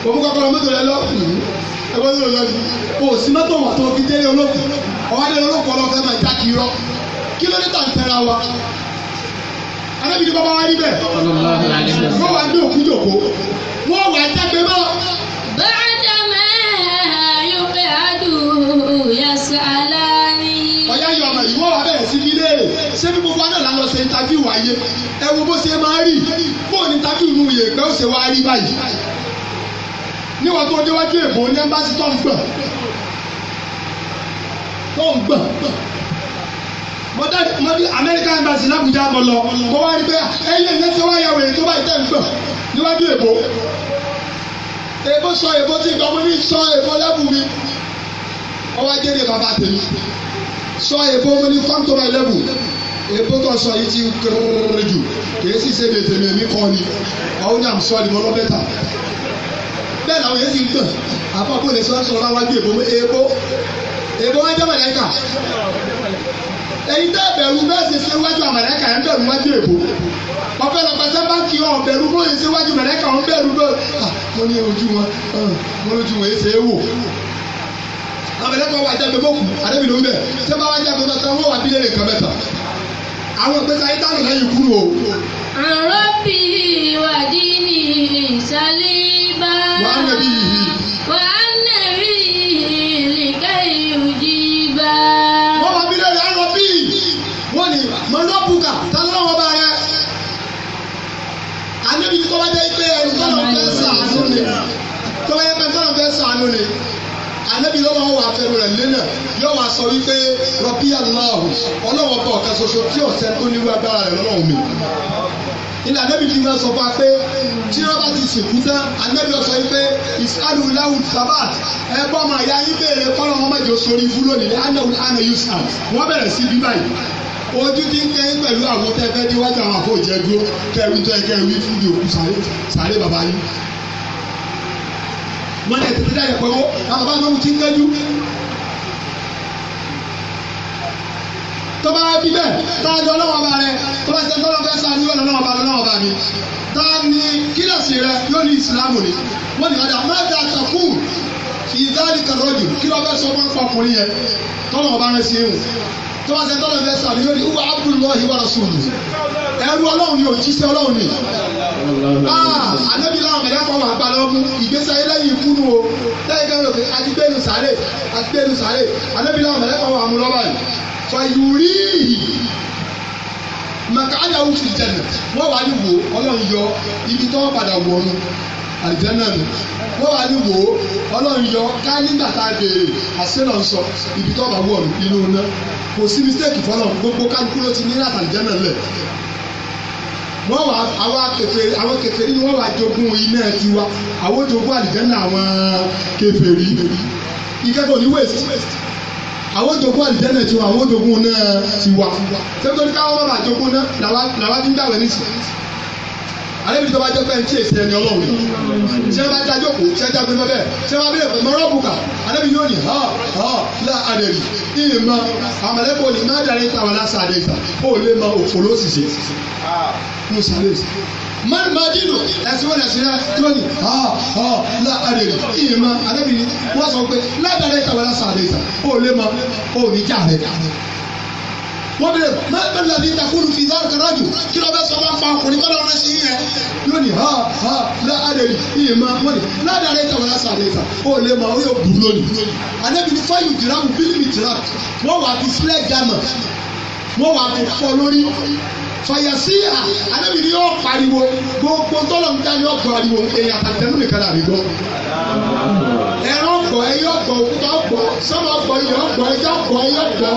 òun kọ́kọ́ lọ mọ́tò rẹ lọ ẹ wọ́n yóò lọ sí o sí mọ́tò wà tó fi délé olóko ọ̀wádé olóko ọlọ́fẹ́ máa já kiri rọ kí ló dé tàbí tẹ̀ra wa alábìdí bàbá wa níbẹ̀ wọ́n wá gbé òkú jòkó wọ́n wá jágbe mọ́. bàdàmẹ́ yóò fẹ́ àdùn yasala wà bẹ̀rẹ̀ sí ní léèrè ṣé bí gbogbo àná là ṣe interview ayé ẹ wo bó ṣe máa rí bó ní interview nu yèèpẹ́ ó ṣe wá rí báyìí níwọ̀n tó déwájú èbó ní ẹ́mbásí tó ń gbọ̀n tó ń gbọ̀n mo dá mo dá American embassy l'Abuja mo lọ mo wá rí pé ẹyẹ ìlẹsẹ wá yà wèrè tó bá ìtẹ́ ń gbọ̀n níwájú èbó èbó sọ èbó ti gbọ́ mo ní sọ èbó lẹ́bù mi ọwọ́ ajé ni bàbá tèmi sọ èbó mo ní come to my level èbó tó sọ yìí ti kéré jù kì í sì ṣe lè tèmi èmi kọ́ ni àwọn ní àmì sọ́ọ̀lì mo lọ bẹ́tà bẹ́ẹ̀ làwọn yẹn sì ń gbọ̀n àpapọ̀ lè sọ́ọ́ sọ̀rọ̀ wájú èbó èbó èbó wọn jẹ́ mọ̀lẹ́kà èyí tẹ́ bẹ̀rù bẹ́ẹ̀ sì ṣe wájú àmàlẹ́kà ẹ̀ ń bẹ̀rù wájú èbó ọbẹ̀ lọ pàṣẹ báńkì ọ̀hún bẹ̀rù bóyá ṣe wájú mẹ̀lẹ́kà ọ̀hún bẹ̀rù bẹ́ẹ̀ ah, mo ní ojú wọn ah, mo lójú wọn èsè é wò àwọn ẹlẹ́kọ̀ọ́ wa jágbe mọ́kù àdébí ló ń bẹ̀ tí wọ́n bá wá jágbe mọ́ta wọ́n wà bí lè kàn mẹ́ta àwọn ìgbésẹ̀ ayé dànù lẹ́yìn kúrò o. bí ìwádìí ni ìsàlẹ̀ bá. wàá nàbí yìí. wàá nàbí ìlìkẹ́ ìrùjì bá. wọ́n wá bí lẹ́yìn àrọ́ bí wọ́n ní mọ̀lọ́bùkà tálọ́wọ́ bá rẹ̀. àdébí tó bá dé pé anabi lọ́wọ́ àwọn àfẹnu rẹ̀ lẹ́nà yóò wá sọ wípé rọ́bì aláwọ̀ ọlọ́wọ́ bọ̀ ọ̀kan ṣoṣo tí ọ̀sẹ̀ tó níwú agbára rẹ̀ lọ́wọ́ mi ilé anabi fi máa sọ fún wa pé tí wọn bá ti sìnkú tán anabi sọ yìí pé isadu sabat ẹ bọ́ ọmọ àyà yín béèrè kọ́nà wọn mẹ́jọ sórí fún lónìí anahu ana yusuf wọn bẹ̀rẹ̀ sí bí báyìí ojú ti ń kẹ́yìn pẹ̀lú àwọn tẹ́fẹ́ níwájú àwọn àfọ̀jẹ́ dúró kẹrin tó yẹ kẹrin fún mi òkú sáré sáré bàbá yín wọn lè tètè dáyẹ pẹ̀wọ́ àwọn bá mọ́mú ti ń kẹ́jú. tó bá bí bẹ́ẹ̀ tá a jọ ọlọ́wọ́ bá rẹ tó bá ti ẹjọ́ lọ́fẹ́ sáà ní ìwọ̀n ọlọ́wọ́ bá lọ́wọ́ bá mi tá a ní kílọ̀sì rẹ yóò ní ìsìlámù ni wọ́n ní ọjà má dà tàkù ìdáríkà rọ́jù kí lọ́fẹ́ sọ fún ọkùnrin yẹn tọ́lọ́wọ́ bá rẹ sí ìhùn tó bá ṣe tọ́lọ̀ fẹ́ sàbí yóò ní uwa abdullahi wa rasulu ẹrú ọlọ́run ni òjíṣẹ́ ọlọ́run ni anabi ah, láwọn mẹ̀lẹ́kọ̀ wà bá lọ́wọ́ mú ìgbésẹ̀ ayé lẹ́yìn ìkúnú o lẹ́yìn kẹ́rọ pé adigbénu sáré adigbénu sáré anabi láwọn mẹ̀lẹ́kọ̀ wà mú lọ́wọ́ yìí fàyùrí màkà áyà wù fi jẹ̀nà wọ́n wà ní wò ọlọ́run yọ ibi tó wọ́n padà wọ̀ ọ́nu àlìjẹ́nà nù wọ́n wá ní wò ó ọlọ́run yọ ká nígbà tá a béèrè àṣẹ náà ń sọ ibi tó bá wọ̀ inú iná kò sí mistake fọlọ́ gbogbo kálukú ló ti ní láti àlìjẹ́nà lẹ̀ wọ́n wá àwọn kèfèrí àwọn kèfèrí ni wọ́n wá jogún iná tiwa àwọn jogún àlìjẹ́nà àwọn kèfèrí ìkẹ́kọ̀ọ́ ní west àwọn jogún àlìjẹ́nà tiwa àwọn jogún náà tiwa sẹ́kítọ́ni káwọn bàbá jogún náà làwọn ti ń dàwẹ̀ nísìnyí alẹ́ mi tó bá jẹ́ pé ntí èsì ẹni ọlọ́run ni tí wọ́n bá dájọ́ kó tí wọ́n dágbé mọ́ bẹ́ẹ̀ tí wọ́n bá bẹ̀rẹ̀ pẹ̀lú mọ́rọ́bùkà alẹ́ mi yóò ní ha ha la adẹ̀rì ìmọ̀ àmọ̀lẹ́kọ̀ ni má darí táwọn lásà adé ìta ó lè mọ òfò ló sì ṣe mo sàlẹ̀ mọ́ni máa dín lò ẹ̀sìn wọn ẹ̀sìn rẹ lónìí ha ha la adẹ̀rì ìmọ̀ alẹ́ mi wọ́n sọ pé ládàrí táwọn lásà adé ìta ó lè mọ òní jà rẹ̀ wọ́n bẹ̀rẹ̀ mẹ́tẹ́ lẹ́ni takunu fi dáhùn kárájù kí ló bẹ́ sọ máa ń pa ọkùnrin kọ́lọ́ ọ̀rẹ́ sí yẹn lónìí ha ha láàrẹ yìí máa wọ́n ni ládàrẹ́ tàwọn aṣàlẹ̀ ìfà ó lè máa ó yóò bù lónìí àdébí ní fáyù dìrámù bílímì dìrámù wọ́n wà á fi sílẹ̀ gàmà wọ́n wà á fi fọ́ lórí fàyàsí ànábì ni yóò pariwo gbogbo tọ́lọ̀ ń dá yóò pariwo èèyàn àtẹnu nìkan là rí gbọ́. ẹran gbọ́ ẹyọ gbọ́ òkúta gbọ́ sọ́mọ gbọ́ iyọ̀ gbọ́ ẹja gbọ́ ẹyọ gbọ́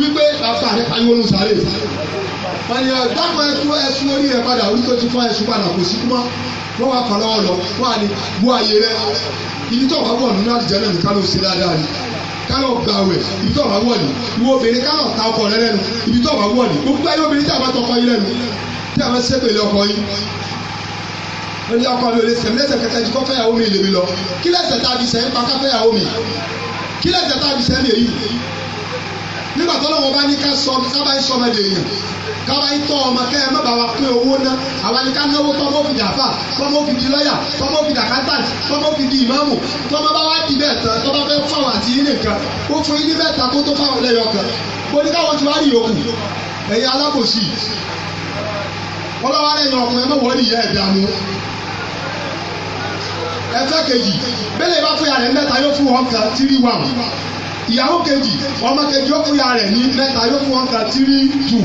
wípé bàbá rẹ pariwo ló sáré pàdé ọ̀dàpọ̀ ẹ̀sùn ẹ̀sùn orí rẹ padà orí tó ti fọ́ ẹ̀sùn padà kò sí kúmọ́ wọ́n wá kọ́ lọ́wọ́ lọ wọ́n á ní bu ayé rẹ ibi tó wà wọ̀ nínú àdìjẹ́ náà ní kálọ̀ ṣe dáadáa ni kálọ̀ gba àwẹ̀ ibi tó wà wọ̀ ni ìwọ obìnrin kálọ̀ ta ọkọ rẹ lẹ́nu ibi tó wà wọ̀ ni gbogbo ayé obìnrin tí a bá tọkọ yín lẹ́nu tí a bá sẹ́pẹ̀lẹ̀ ọkọ yín lórí ọkọ mi ò lè sẹ̀mí lẹ́sẹ̀ kẹta ju kọ́fẹ́ ìyàwó mi lè mi lọ kí tá a fi sẹ́yìn pa káfẹ́ ìyàwó mi kí tá a fi sẹ́yìn èyí nígbà tó lọ́wọ́ bá ní ká sọ kábà ń sọmọ lèèyàn kábà ń tọ́ ọmọ kẹ́ ẹ má bàa wá pé owó ná àwa ni ká náwó tọ́mọ fi dàfà tọ́mọ fi di lọ́yà tọ́mọ fi dàkátàt tọ́mọ fi di ìmáàmù tọ́mọ bá wá di bẹ́ẹ̀ tán tọ́mọ fẹ́ fún àwọn àti yín nìkan ó fún yín ní bẹ́ẹ̀ tán kó tó fún àwọn lẹ́yọ kan ó ní káwọn ti wá rí yòókù ẹ̀yin alábòsí ọlọ́wọ́ lẹ́yìn ọkùnrin mọ̀ wọ́n nìyẹn ẹ̀dá mu ẹ̀fẹ́ kejì bẹ́ẹ̀ lè bá ìyàwó kejì ọmọ kejì ó fún ya rẹ̀ ní mẹ́ta yóò fún ọkà tírí tù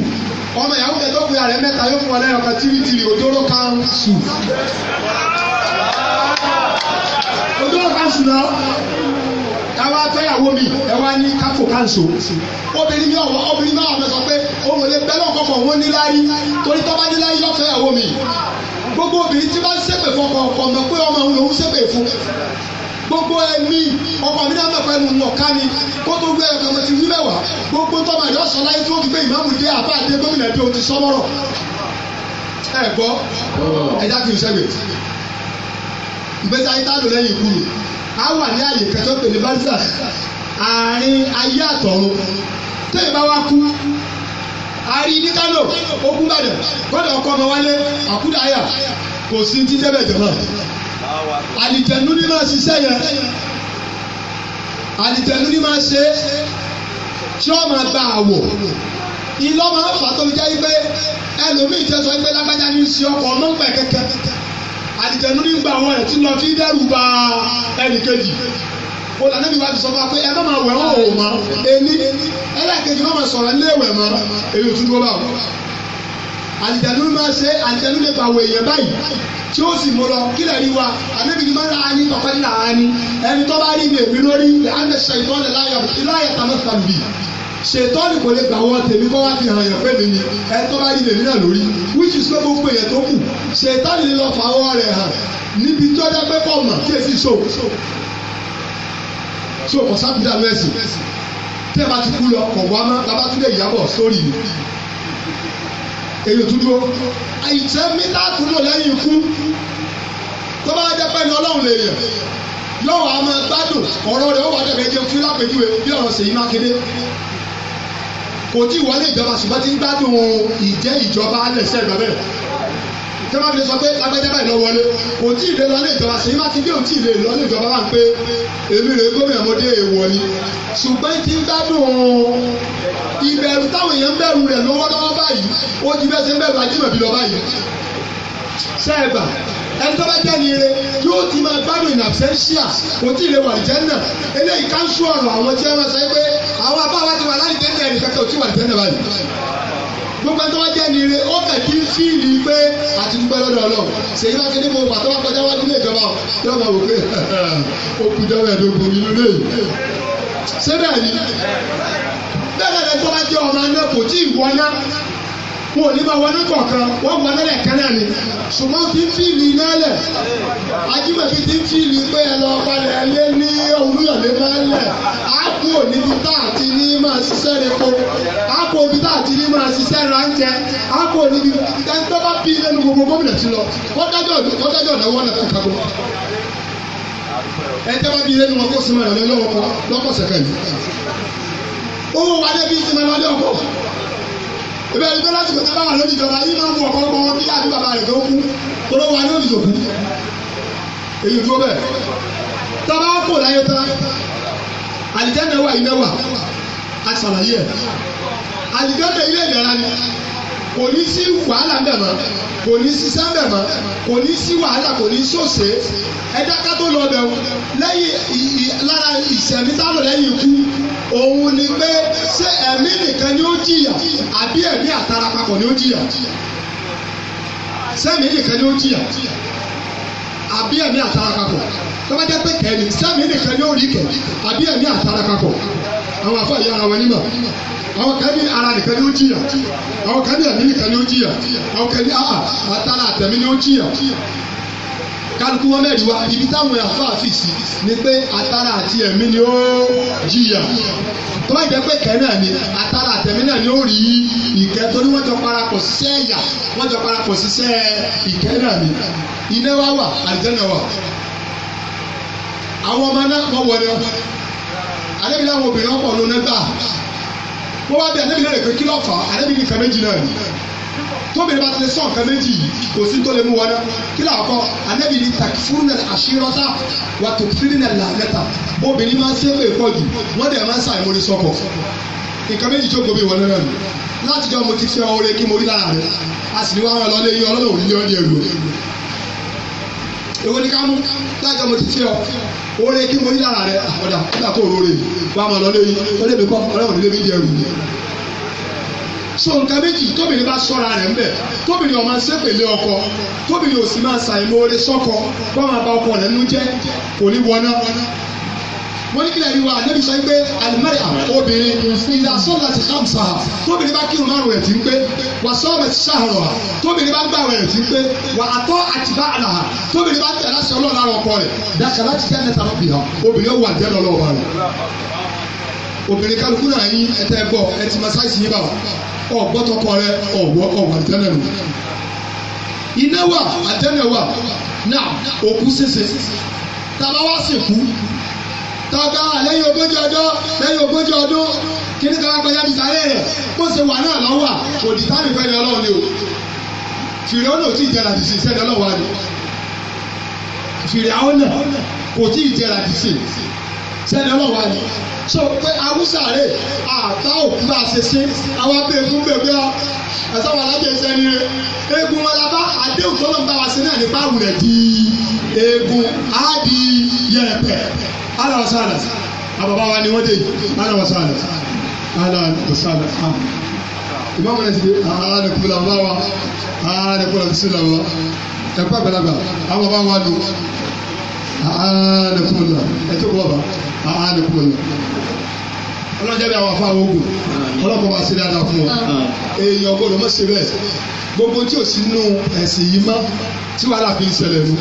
ọmọ ìyàwó kejì ó fún ya rẹ̀ mẹ́ta yóò fún ọlẹ́yìn ọkà tírí tìrì òjòrò kan sù. òjòrò kan sù náà káwá fẹ́yàwó mi ẹ wá ní káfò káńsó obìnrin mi ọ̀wọ́ obìnrin náà ọ̀fẹ́ sọ pé òun ò lè bẹ́ẹ̀ lọ́kọ̀ fọ̀ wọ́n níláyé torí tọ́ bá níláyé yọ fẹ́yàwó mi gbogbo obìnrin tí bá ń ṣépè fọkọ̀ ọkọ̀ mọ̀ pé ọmọ òun lòún ṣépè fún gbogbo ẹ̀mí ọkọ̀ mi náà mẹ́fẹ́ nu ọ̀ká ni kó tó gbé ẹ̀kọ́ mi ti wí mẹ́wàá gbogbo tọ́mọ yọ sọ láyé tí ó fi gbé ìmáàmù dé àbá àdé gómìnà dé o ti sọ mọ́rọ̀ ẹ gbọ́ ẹ já kí n sẹ́gbẹ̀ ìgbésí ayé tá a lò lẹ́yìn ikú mi a wà ní àyè kẹtọ́ pèlè bárísà àárín ayé àtọ̀run tẹ́yìn bá wá kú àárín ní Kánò ogun Ìbàdàn gbọ́dọ̀ ọkọ̀ ọmọ wálé àkúdàáyà kò sí títẹ́bẹ̀ jọ̀mọ́ àlìjẹ̀nu ni máa ṣiṣẹ́ yẹn àlìjẹ̀nu ni máa ṣe tí ó máa gba àwò ìlọ máa ń fà tó fi jẹ́ pé ẹlòmíì jẹ́ sọ pé lágbájá ní ṣe ọkọ̀ ọmọ ń pẹ̀ kẹ́kẹ́ ni gba àwọn ẹ̀ tí lọ fi dẹ́rù bà ẹnì kejì olùdarí wa ti sọ fún wa pé ẹ má máa wẹ̀ wọ́n òun mọ́ ẹni ẹlẹ́kejì má máa sọ̀rọ̀ ẹ léèwẹ̀ mọ́ èyí ò tún gbọ́ báwọn àlìjàlú máa ṣe àlìjàlú lè bàwọ̀ èèyàn báyìí tí ó sì mú lọ kí lè rí wa ànábìrì máa ń ra ani pàpà ní ra ẹni tó bá rí mi èmi lórí àmì ṣètọ́ ni láyà lè gbà wọ́n tèmi kó wá fi hàn yàn pé ni ẹni tó bá rí mi náà lórí which is pé gbogbo èèyàn tó kù ṣètọ́ ni lọ fà ọwọ́ rẹ̀ hàn níbi tí ó dá kọ́ mọ̀ kí èsì so so kò sábìdá lọ́ẹ̀sì tẹ́ẹ̀ bá ti kú lọ kọ̀ wá mọ́ labátúndé ìyàbọ̀ sórí mi èyí ò tún dúró ìtẹ́ mi látún lò lẹ́yìn ikú tó bá jẹ́ pẹ́ ní ọlọ́run lè yẹ yọ̀wọ̀ a máa gbádùn ọ̀rọ̀ rẹ̀ ó wà dẹ̀bẹ̀ jẹun fún lápẹ̀júwe bí ọ̀rọ̀ Ṣèyí Mákindé kò tí ì wọlé ìjọba ṣùgbọ́n ti ń gbádùn ìjẹ́ ìjọba lẹ́sẹ̀ lọ́bẹ̀ tí wọ́n fi sọ pé lágbájá báyìí lọ wọlé kò tí lọ ilé ìjọba ṣèyí má ti dé òtí ì lọ ilé ìjọba wà pé èmi rè gómìnà mo dé èèwọ̀ ni ṣùgbọ́n ti ń gbádùn ìbẹ̀rù táwọn èèyàn ń bẹ̀rù rẹ̀ lọ́wọ́lọ́wọ́ báyìí ó ti bẹ́ẹ̀ ṣe ń bẹ̀rù ajímọ̀bí lọ báyìí sẹ́ẹ̀bà ẹni tó bá jẹ́ ni ire yóò ti máa gbádùn in absentia kò tí ì lè wà eléyìí ká ń sún ọ̀rọ̀ àwọn tí wọ́n sọ pé àwọn abáwá ti wà láàlìjẹ́nà ẹnì kankan ò tí wà àlìjẹ́nà báyìí gbogbo ẹni tó bá jẹ́ ni ire ó kàn kí ń fíìlì pé àti dúpẹ́ lọ́dọ̀ ọlọ́run Ṣèyí Mákindé mo wà tó bá kọjá wájú ilé ìjọba yóò máa wò pé ó kú jọ́wọ́ ẹ̀dógún nínú ilé yìí ṣé bẹ́ẹ̀ bẹ́ẹ̀ tó bá jẹ́ ọmọ anáà kò tí ì wọ́ná wọn ò ní máa wọná kọ̀ọ̀kan wọ́n wọná lẹ́ẹ̀kan náà ni ṣùgbọ́n tí ń fìlì mẹ́lẹ̀ ajímọ̀bí tí ń fìlì pé ẹ lọ balẹ̀ lé ní olúyọ̀lé mẹ́lẹ̀ àpò níbi tá a ti ní máa ṣiṣẹ́ repo àpò níbi tá a ti ní máa ṣiṣẹ́ ránjẹ àpò níbi tó bá bí lẹ́nu gbogbo gómìnà ti lọ wọ́n dájọ́ ọ̀dọ́ wọn lẹ́kọ̀ọ́ kan ẹjẹ bá bí ilé nu wọn kó sinmi ọ̀rọ̀ lọ́wọ́ kọ lọ́kọ̀ọ̀sẹ̀ kẹ́lẹ́ owó wa dé bí sinmi ọ̀rọ̀ lọ́wọ́ kọ ibẹ̀ ni bẹ́lá tìkọ̀ tábà wà lórí ìjọba yìí máa ń mú ọ̀pọ̀lọpọ̀ wọn bí àbí bàbá rẹ̀ tó kú tó ló wà ní òdìjọ kú èyí tó bẹ̀. tábà kò láyé tán àlìjẹ́ mẹ́wàá yìí mẹ́wàá a ti sàlàyé ẹ̀ àlìjẹ́ mẹ́ ilé ìdára ni kò ní sí wàhálà mbẹ̀ mọ́ kò ní sí sẹ́mbẹ̀ mọ́ kò ní sí wàhálà kò ní sí òsè ẹ̀dá ká lọ bẹ̀ lẹ́yìn lára ìṣẹ̀mí lẹ́yìn ikú òun ni pé ṣé ẹ̀mí nìkan ni ó jìyà àbí ẹ̀mí àtara papọ̀ ni ó jìyà sẹ́mi nìkan ni ó jìyà àbí ẹ̀mí àtara papọ̀ tọ́ba jẹ́ pé kẹ́ni sẹ́mi nìkan ni ó rí kẹ́ àbí ẹ̀mí àtara papọ̀ àwọn afọ ìyá ara wọn nímọ̀ àwọn kan ní ara nìkan ni ó jìyà àwọn kan ní ẹ̀mí nìkan ni ó jìyà àwọn kan àtara àtẹ̀mí ni ó jìyà kálukú wọn mẹ́rin wa ibi táwọn àfa fìsì ni pé àtàrà àti ẹ̀mí ni ó jìyà tó bá jẹ́ pé kẹ́ náà ni àtàrà àtẹ̀mí náà ni ó rí ìkẹ́ torí wọ́n jọ parapọ̀ síṣẹ́ ẹ̀yà wọ́n jọ parapọ̀ síṣẹ́ ìkẹ́ náà ni iná wa wà àdìjẹ́nà wà àwọn ọmọ náà wọ́n wọlé àdébìlẹ̀ àwọn obìnrin ọ̀pọ̀ lónà gbà wọ́n bá bẹ àdébìlẹ̀ rẹ̀ pé kí ló fà á àdébìlẹ̀ kàméjì náà ni tóbìnrin bá ti lè sọ nǹkan méjì yìí kò sí tó lè mú wọn náà kí ló àkọ anabi ni takifuruna àṣírọ́tà wà tó firina làmẹ́ta obìnrin máa ń ṣe pé pọ̀ jù wọ́n dẹ̀ máa ń ṣàìmọ́ni sọ́kọ̀ nǹkan méjì tó gbòmí wọn náà nù láti jọ mo ti fẹ́ ọ̀rẹ́ kí mo rí lára rẹ̀ a sì ní wàá rán lọ́lé yín ọlọ́run ní ọ̀dẹ̀ rò èwo ni ká mú láti jọ mo ti fẹ́ ọ ọ̀rẹ́ kí mo rí lára rẹ̀ àkọ́dà kó so nǹkan méjì tóbìnrin bá sọ́ra rẹ̀ ńbẹ̀ tóbìnrin ọmọ sẹ́pèlé ọkọ tóbìnrin ò sì máa ṣàìmóore sọ́kọ kó máa ba ọkọ rẹ̀ nú jẹ́ kò ní wọná wọ́n ní kílẹ̀ yìí wa ànábì sọ pé alimari obìnrin ìlà sọ́ọ̀lá ti hàmsà tóbìnrin bá kírun márùn rẹ̀ ti ń pé wà sọ́ọ̀mẹ̀ ti ṣàhàrọ̀ ha tóbìnrin bá gbà rẹ̀ ti ń pé wà àtọ́ àtibá àlà ha tóbìnrin bá tẹ̀lé aṣọ ọlọ́run ara ọkọ rẹ̀ dàkàlà ti tẹ́lẹ̀ tàbí ha obìnrin ó wà jẹ́ lọ́lọ́ ọba rẹ̀ obìnrin kálukú náà yín ẹtẹ gbọ́ ẹ ti máa ṣáìsì yín bá wa ọgbọ́tọ̀kọ rẹ ọ̀wọ́ ọ̀wà àlìjẹ́nà nù. iná wà àjẹ́nà wà náà òkú ṣèṣe tàbá wá sìnkú tọ́ka lẹ́yìn ogójì ọdún lẹ́yìn ogójì ọdún kíní kan akọjá ti sáré rẹ̀ bó ṣe wà náà lọ́wọ́ òdì tábì fẹ́ ni ọlọ́run ni o fìrì ọ̀nà ò tí ì jẹ́ra ti sè sẹ́ni ọlọ́run wa ni fìrì àwọn náà kò tí ì jẹ́ra sẹ́ni ọlọ́wà ni so pé awúsàrè àtà òkú bá a ṣe ṣe àwọn abẹ́ fún bèbí ọ ẹ̀sán wà lájẹ sẹ́ni rẹ eegun wọn la bá àdéhùn tó ló ń bá wa ṣe náà nípa àwùrẹ̀ di eegun á di yẹ̀pẹ̀ aláwọ̀sálà àbàbà wa ni wọ́n dé aláwọ̀sálà aláwọ̀sálà ìbámu náà ti di aláàdẹ̀kúlà ọ̀bá wa aláàdẹ̀kúlà bisimilà wa ẹ̀kọ́ àgbàlagbà àwọn wa dùn àánàkùn lọ ẹtí kò bá àánàkùn lọ ọlọ́jà bí àwọn afá ogun ọlọ́kọ̀ bá ṣe dáadáa fún wa èèyàn gbọ́dọ̀ mọ̀ ṣe bẹ́ẹ̀ gbogbo tí ò sí nínú ẹ̀sìn yìí mọ́ tí wàhálà fi ń ṣẹlẹ̀ nù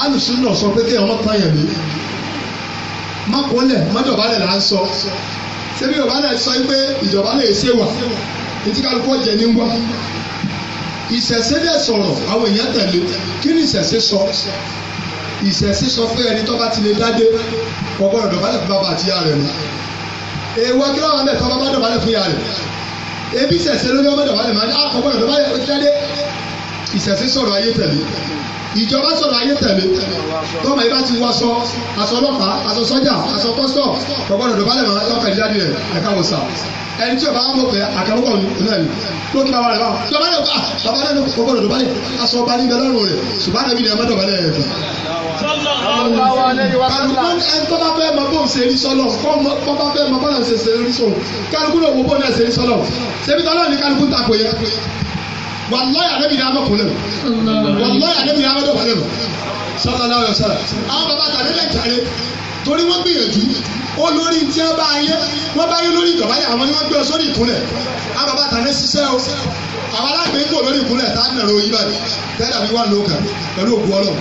alùsùn náà sọ pé kéèyàn mọ̀ pààyàn mi má kọ́lẹ̀ má dọ̀bálẹ̀ là ń sọ ṣebí yorùbá náà sọ pé ìjọba náà ṣe wà etí kálukú ọ̀jẹ̀ ní wá ìṣẹ̀ṣẹ̀ dẹ̀ sọ̀rọ̀ àwọn èèyàn tẹ̀lé kí ni ìṣẹ̀ṣẹ̀ sọ ìṣẹ̀sí sọ pé ẹni tó bá ti lè dádé ọgbọ́n rẹ̀ dọ̀bálẹ̀ fún bàbá àti ìyá rẹ̀ mọ́ èèwọ̀ kí lọ́wọ́ mẹ́ta ọba bá dọ̀bálẹ̀ fún ìyá rẹ̀ ebi ìṣẹ̀sí lórí ọmọ dọ̀bálẹ̀ máa ń ọgbọ́n rẹ̀ dọ̀bálẹ̀ fún ìyá ìṣẹ̀sí sọ̀rọ̀ ayé tẹ̀lé ìjọba sọ̀rọ̀ ayé tẹ̀lé tọ́mọ yìí bá ti wọ aṣọ aṣọ ọlọ́pàá aṣọ sọ́jà aṣọ pọ́sítọ̀ kọ̀gbọ́dọ̀ dọ̀bálẹ̀ mọ́ ọkọ̀ ìdí adìyẹ ẹ̀ka wò sà ẹni tí o bá wà lópẹ àkàlùkọ náà ni ló kí bàbá rẹ bá dọ̀bálẹ̀ ah bàbá rẹ kọ̀gbọ́dọ̀ dọ̀bálẹ̀ aṣọ ọba níbẹ̀ lọ́rùn rẹ ṣùgbọ́n àdàbí ni ẹ má dọ̀bálẹ̀ ẹ̀ kálukú ẹni tó bá fẹ́ mọ bóun ṣe rí sọlọ kó bá fẹ́ mọ bóun ṣe rí sọlọ kálukú ló wo bóun náà ṣe rí sọlọ ṣebí tọ́lọ́ ni kálukú ń takò yẹ wallahi anabi n'ama kun lero wallahi anabi n'ama dɔn kun lero sallallahu alaihi wa sallam àwọn baba tàbí lẹ́yìn tàbí torí wọ́n gbìyànjú olórí tí wọ́n bá yé wọ́n bá yé lórí ìjọba yẹn àwọn ni wọ́n gbé ọ sórí ìkúnlẹ̀ àwọn baba tàbí ṣiṣẹ́ o àwọn alágbèékò lórí ìkúnlẹ̀ tá a nà lóyún báyìí tẹ́lẹ̀ àbí wà lókàn pẹ̀lú òkú ọlọ́run.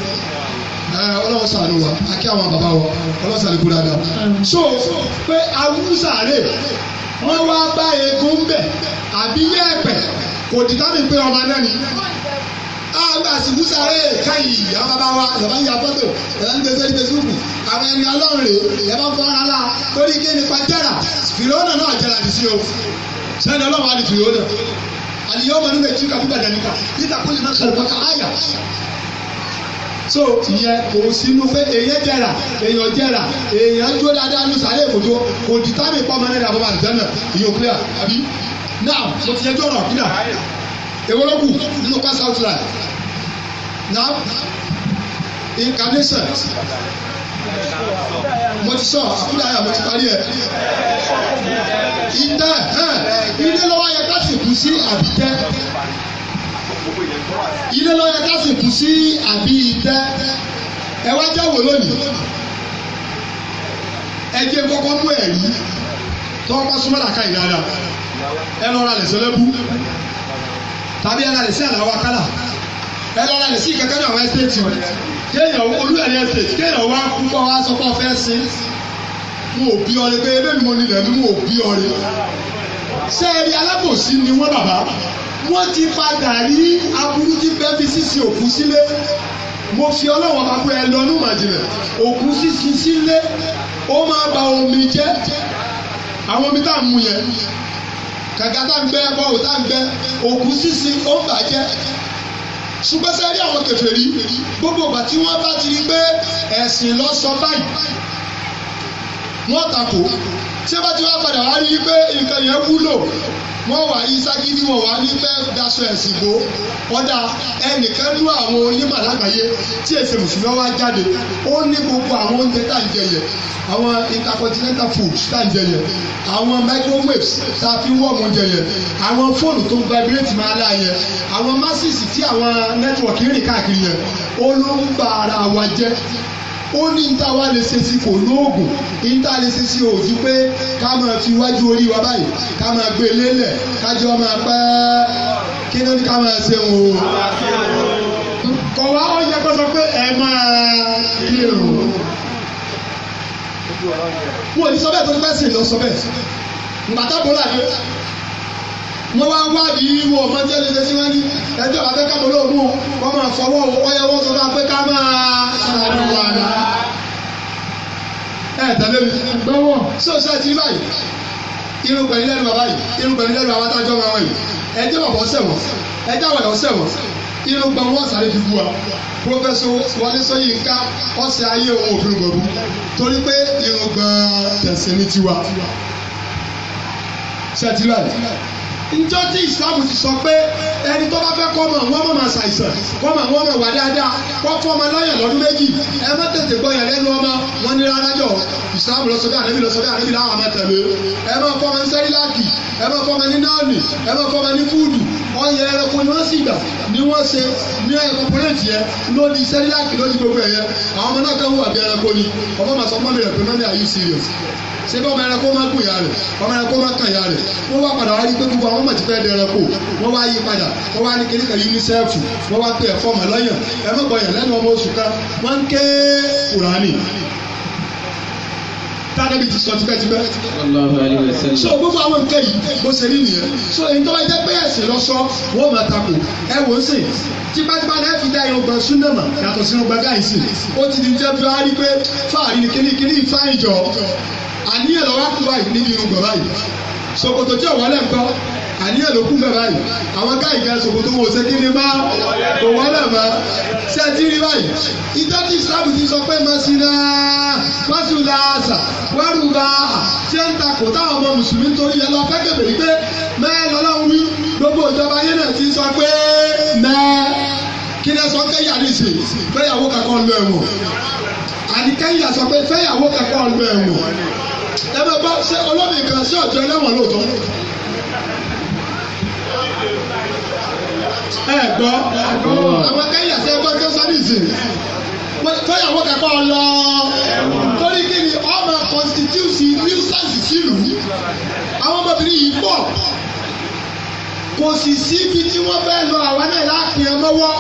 Eh, ọlọ́run sàánú wa akí àwọn bàbá wa ọlọ́run sàánú kú dáadáa so pé awúsàárè wọ́n wá bá egun bẹ̀ àbí yẹ̀pẹ̀ kò dìtámì pé ọmọ náà ni àwọn àsìkúsàárè káyì àwọn bàbá wa bàbá yìí abọ́dọ̀ bàbá ń gbèsè Facebook àwọn ẹni ọlọ́run rè ìyá bá fọ́nra la torí kí nípa jẹ́ra fìlónà náà jẹ́ra dì sí o sẹ́ni ọlọ́run á di fìlónà àlìyé ọmọ nígbà tí kàkúgbà dàníkà níta kó lè má sọ̀rọ̀ pàkà áyà so ìyẹn kò sínú pé èyàn jẹrà èyàn jẹrà èyàn jó dáadáa ní sàlẹ̀ èkó tó kò dìtámì pọ́mọ náírà bọ́mọ àdìsẹ́nà ìyóò clear àbí now mo ti yẹjọ́ ọ̀rọ̀ kílà ewolóku nínú pass out line now incarnation mo ti sọ àkúrò àyà mo ti parí ẹ ìtẹ ẹ ilé lọ́wọ́ ayẹ ká sì kú sí àbítẹ́ ilé lọ́yẹ ká sì kú sí àbí ìtẹ́ ẹ wá jáwó lónìí ẹ jẹ́ kọ́kọ́ mú ẹ̀rí tọ́ bá súnmọ́ làkà yìí dáadáa ẹ lọ́ra lẹ̀ sẹ́lẹ́bù tàbí ẹ lọ́ra lẹ̀ sí àlàó akálà ẹ lọ́ra lẹ̀ sí ìkẹ́kẹ́ náà àwọn ẹ́stéètì wọn kéèyàn olú ẹ̀rí ẹ́stéètì kéèyàn wá kú bọ́ wá sọ pé ọ fẹ́ sin mo ò bí ọ sẹ́ẹ̀rì alábòsí ni wọ́n bàbá wọ́n ti padà rí aburú tí bẹ́ẹ̀ fi sísè òkú sílé mo fi ọlọ́wọ́ máa pé ẹ lọ ní òkú sísun sílé ó máa ba omi jẹ́ àwọn omi tá à ń mu yẹn kàkà tá à ń gbẹ bọ́ọ̀lù tá à gbẹ òkú sísun ó ń bàjẹ́ ṣùgbọ́n sẹ́rí àwọn kèfèrí gbogbo ìgbà tí wọ́n bá ti rí pé ẹ̀sìn lọ báyìí wọ́n takò tí wọ́n ti wá padà wá rí i pé nǹkan yẹn wúlò wọ́n wà yí ságídí wọ́n wà ní fẹ́ daṣọ ẹ̀sìn bò ẹnìkan nú àwọn onímọ̀ lágbàáyé tí èsè mùsùlùmí wá jáde ó ní gbogbo àwọn oúnjẹ tá ń jẹ àwọn intercontinental food tá ń jẹ àwọn microwaves tá a fi ń wọ́ọ̀mù oúnjẹ àwọn fóònù tó ń vibrate máa lá yẹ àwọn masses tí àwọn network rìn káàkiri yẹ ó ló ń gba ara wa jẹ́ ó ní níta wá lè ṣe sí kò lóògùn níta lè ṣe sí òjú pé ká máa fi wájú orí wa báyìí ká máa gbé lélẹ̀ kájọ máa pẹ́ kí ló ní ká máa ṣe òun. kọ̀ wá ó yẹ kó sọ pé ẹ máa kírun. wọ́n ò ní sọ bẹ́ẹ̀ tó ní bẹ́ẹ̀ sì lọ sọ bẹ́ẹ̀. bàtà bọ́lá ni wọ́n wá wádìí wọ ọmọ tí ẹni tẹ́sí wọ́n ní ẹjọ́ àtẹ́kọ̀ọ́ lóògùn wọ́n máa fọwọ́ ọyẹ wọ́n sọ fún apẹ́ ká máa ṣàdúrà ẹ̀ tẹ́lẹ̀ mi gbọ́wọ́ sọ́ọ̀sì àti báyìí irun pẹ̀lú lẹ́nu bàbá yìí irun pẹ̀lú lẹ́nu àwọn atájọ́ máa wọ̀ yìí ẹjẹ́ bàbá ọ̀sẹ̀ wọ̀ ẹjẹ́ àwọn ọ̀sẹ̀ wọ̀ irun gbọ̀n wọ́n sáré fi wúwa pọfẹsọ Wọlé Ṣóyínká ọ̀sẹ̀ ayé òun òfin gbọ̀rú torí pé irun gbọ̀n tẹ̀sí ní tiwa ṣẹ́tìláì njọ́ tí Islam ti sọ pé ẹni tó bá fẹ́ kọ́ ọmọ àwọn ọmọ máa ṣàìsàn kọ́ ọmọ àwọn ọmọ wà dáadáa kọ́ fọ́ ọmọ lọ́yàn lọ́dún méjì ẹ má tètè gbọ́ yàn lẹ́nu ọmọ wọn ní rárájọ Islam lọ sọ bí ànábì lọ sọ bí ànábì láwọn máa tẹ̀lé ẹ má fọ́ ọmọ ní sẹ́ríláàkì ẹ má fọ́ ọmọ ní náàlì ẹ má fọ́ ọmọ ní fúdù ọyẹ ẹranko ni wọ́n sì gbà ni wọ́n ṣe ní ẹ̀kọ́pọ̀lẹ́tì yẹn lódi sẹ́ríláàkì lódi gbogbo ẹ̀yẹ àwọn ọmọ náà kàn wù àbí ẹranko ni ọmọ màá sọ mọ́mí rẹ̀ pé mọ́mí are you serious ṣé bí ọmọ ẹranko máa gùn ìyá rẹ̀ ọmọ ẹranko máa kàn ìyá rẹ̀ wọ́n wá padà wá rí pé gbogbo àwọn ọmọ ti fẹ́ dẹranko wọ́n wá yí padà wọ́n wá ní kékeré UNICEF wọ́n wá tẹ ẹ̀fọ́ mọ̀ lọ́yàn ẹ̀mọ́gbọ̀yàn lẹ́nu ọmọ oṣù kan wọ́n ké kùránì tádé bi ti sọ tipẹ́tipẹ́. so gbogbo àwọn nǹkan yìí bó ṣe rí nìyẹn so èyí tó bá jẹ́ pé ẹ̀sìn lọ sọ wọ́n máa takò ẹ wò ó sìn tipátipá náà fi dá irun gbọ̀n súnàmà yàtọ̀ sí irun gbọ̀n gáìsì ó ti di jẹ́ fi wá rí pé fáàrí ni kíní kíní ìfáàyìn jọ àníyàn lọ́wọ́ kú báyìí níbi irun gbọ̀n báyìí ṣòkòtò tí ò wọlé nǹkan àníyàn ló kún bẹ́ẹ̀ báyìí àwọn ká ìjà ṣòkòtò wò ṣe kí ni má kò wọ́n náà má ṣé ti rí báyìí ìjọ tí ti sọ pé masina masula asa wẹ́rùbá ṣé ń takò táwọn ọmọ mùsùlùmí torí ẹ lọ fẹ́ kébèrè pé mẹ́ẹ̀ lọ́lọ́run wí gbogbo ìjọba ayé náà ti sọ pé mẹ́ẹ̀ kí ni ẹ sọ kẹ́yà ní ìsìn fẹ́yàwó kankan lọ ẹ̀wọ̀n àdìkẹ́yà sọ pé fẹ́yàwó kankan lọ ẹ̀wọ̀n ẹ bá ṣe olómi kan ṣé ọjọ́ ẹlẹ́wọ̀n lóòótọ́ ẹ gbọ́ àwọn kẹ́yà sẹ́ gbọ́ tó sọ́dí ìsìn tọ́yàwó kẹ́kọ́ lọ torí kí ni ọmọ constitution nuisance sílùú àwọn ọmọbìnrin yìí pọ̀ kò sì síbi tí wọ́n fẹ́ lọ àwọn náà lápẹ̀ ọmọwọ́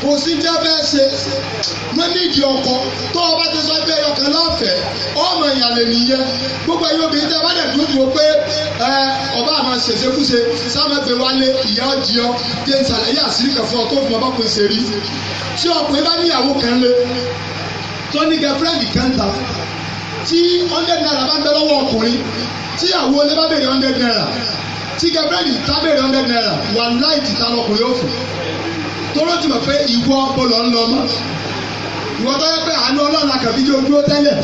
kò sí ní abẹ́ ṣe wọ́n nídìí ọkọ tó o bá ti sọ pé ẹyọ kan láàfẹ́ ọmọ ìyàlẹ̀ nìyẹn gbogbo ẹ̀yin obìnrin tẹ́ bá dẹ̀ dúró dúró pé ẹ ọba àmọ́ ṣèṣekúṣe sámẹ́fẹ́ wálé ìyá ọ̀jì ọ dé ìsàlẹ̀ yà sí kẹfọ́ tó fi ọba kùn rí tí ọkùnrin bá níyàwó kan lé tó ní gẹfúrẹ́ǹdì kan ta tí hundred naira bá ń bẹ lọ́wọ́ ọkùnrin tí àwọn olè bá béèrè hundred naira tí gẹfúrẹ́ǹdì ta béèrè hundred naira wà láì ti ta lọkùnrin ó fún tóró ti mọ̀ pé ìwọ bọ̀lọ̀ ń lọ mọ́ ìwọ tó yẹ pé àánú ọlọ́run àkàbí jẹ́ ojú ó tẹ́lẹ̀